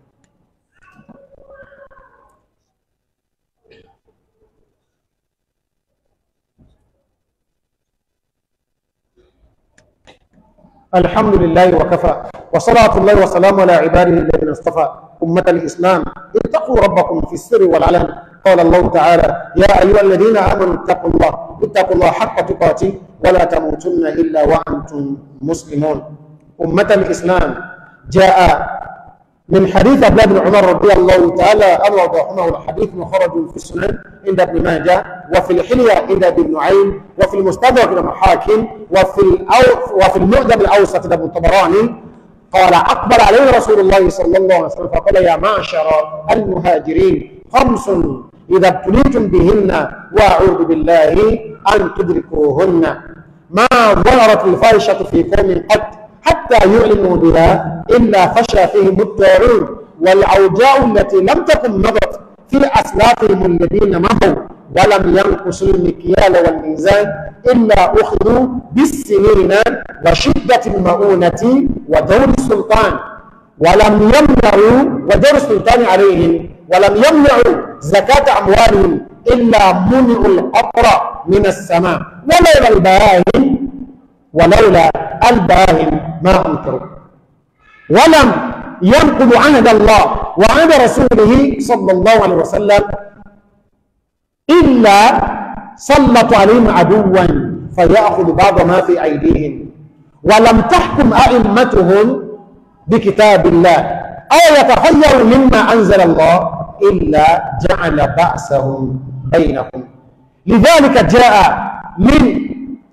الحمد لله وكفى وصلاة الله وسلام على عباده الذين اصطفى أمة الإسلام اتقوا ربكم في السر والعلن قال الله تعالى يا أيها الذين آمنوا اتقوا الله اتقوا الله حق تقاته ولا تموتن إلا وأنتم مسلمون أمة الإسلام جاء من حديث عبد بن عمر رضي الله تعالى عنه وضاحمه الحديث مخرج في السنن عند ابن ماجه وفي الحلية عند ابن نعيم وفي المستدرك عند الحاكم وفي الأو... وفي المعجم الاوسط عند الطبراني قال اقبل عليه رسول الله صلى الله عليه وسلم فقال يا معشر المهاجرين خمس اذا ابتليتم بهن واعوذ بالله ان تدركوهن ما ظهرت الفاحشه في قوم قط حتى يعلنوا بها إلا خشى فيهم الطاعون والعوجاء التي لم تكن مضت في أسلافهم الذين مضوا ولم ينقصوا المكيال والميزان إلا أخذوا بالسنين وشدة المؤونة ودور السلطان ولم يمنعوا ودور السلطان عليهم ولم يمنعوا زكاة أموالهم إلا منعوا الأقرى من السماء ولولا البهائم ولولا الباهم ما أنكروا ولم ينقضوا عهد الله وعهد رسوله صلى الله عليه وسلم إلا سلط عليهم عدوا فيأخذ بعض ما في أيديهم ولم تحكم أئمتهم بكتاب الله أو يتخيروا مما أنزل الله إلا جعل بأسهم بينهم لذلك جاء من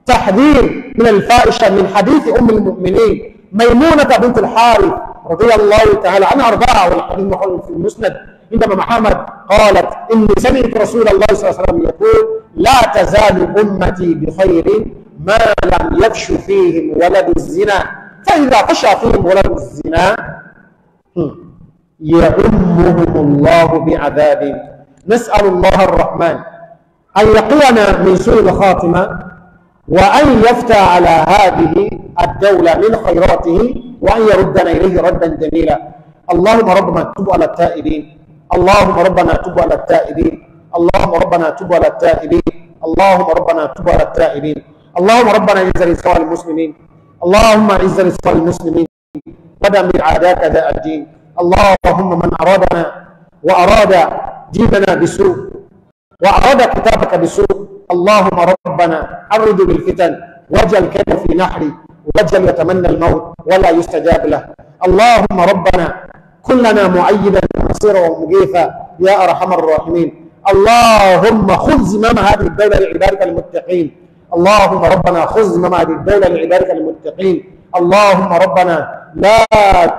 تحذير من الفائشة من حديث أم المؤمنين ميمونة بنت الحارث رضي الله تعالى عنها أربعة والحديث في المسند عندما محمد قالت إني سمعت رسول الله صلى الله عليه وسلم يقول لا تزال أمتي بخير ما لم يفش فيهم ولد الزنا فإذا فشى فيهم ولد الزنا يؤمهم الله بعذاب نسأل الله الرحمن أن يقينا من سوء الخاتمة وأن يفتى على هذه الدولة من خيراته وأن يردنا إليه ردا جميلا اللهم ربنا تب على التائبين اللهم ربنا تب على التائبين اللهم ربنا تب على التائبين اللهم ربنا تب على التائبين اللهم ربنا اعز لسوى المسلمين اللهم اعز لسوى المسلمين ودمر عاداك ذا الدين اللهم من أرادنا وأراد ديننا بسوء وأراد كتابك بسوء اللهم ربنا أرد بالفتن وجل كان في نحري وجل يتمنى الموت ولا يستجاب له اللهم ربنا كلنا معيدا ونصيرا ومجيثا يا أرحم الراحمين اللهم خذ زمام هذه الدولة لعبادك المتقين اللهم ربنا خذ زمام هذه الدولة لعبادك المتقين اللهم ربنا لا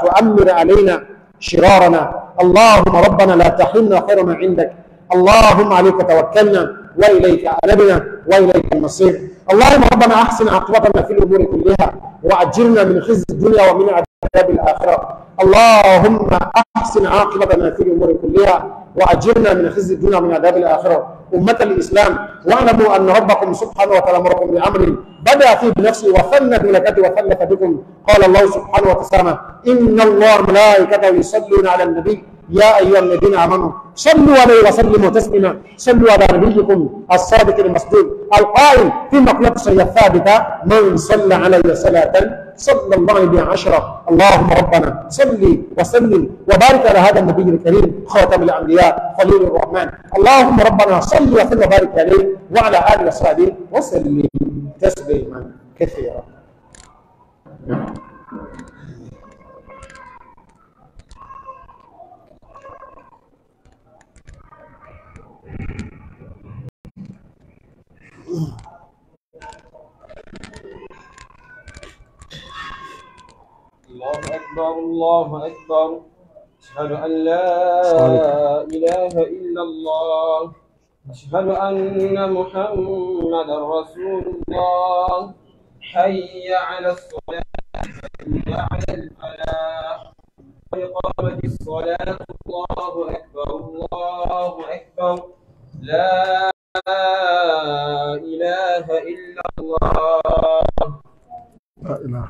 تؤمر علينا شرارنا اللهم ربنا لا تحرمنا خير ما عندك اللهم عليك توكلنا وإليك أنبنا وإليك المصير اللهم ربنا أحسن عاقبتنا في الأمور كلها وأجرنا من خزي الدنيا ومن عذاب الآخرة اللهم أحسن عاقبتنا في الأمور كلها وأجرنا من خزي الدنيا ومن عذاب الآخرة أمة الإسلام واعلموا أن ربكم سبحانه وتعالى أمركم بأمر بدأ فيه بنفسه وفن بملكته وثلث بكم قال الله سبحانه وتعالى إن الله ملائكته يصلون على النبي يا أيها الذين آمنوا صلوا عليه وسلموا تسليما صلوا على نبيكم الصادق المصدوق القائم في مقلقصة الثابتة من صلى علي صلاة صلى الله بها عشرة اللهم ربنا صلي وسلم وبارك على هذا النبي الكريم خاتم الأنبياء خليل الرحمن اللهم ربنا صل وسلم وبارك عليه وعلى آله وصحبه وسلم تسليما كثيرا الله أكبر الله أكبر أشهد أن لا إله إلا الله أشهد أن محمدا رسول الله حي على الصلاة حي على الفلاح وإقامة الصلاة الله أكبر الله أكبر لا إله إلا الله لا إله إلا الله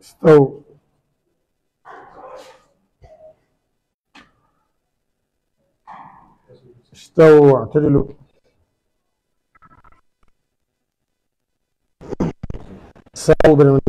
استو استووا اعتدلوا seldom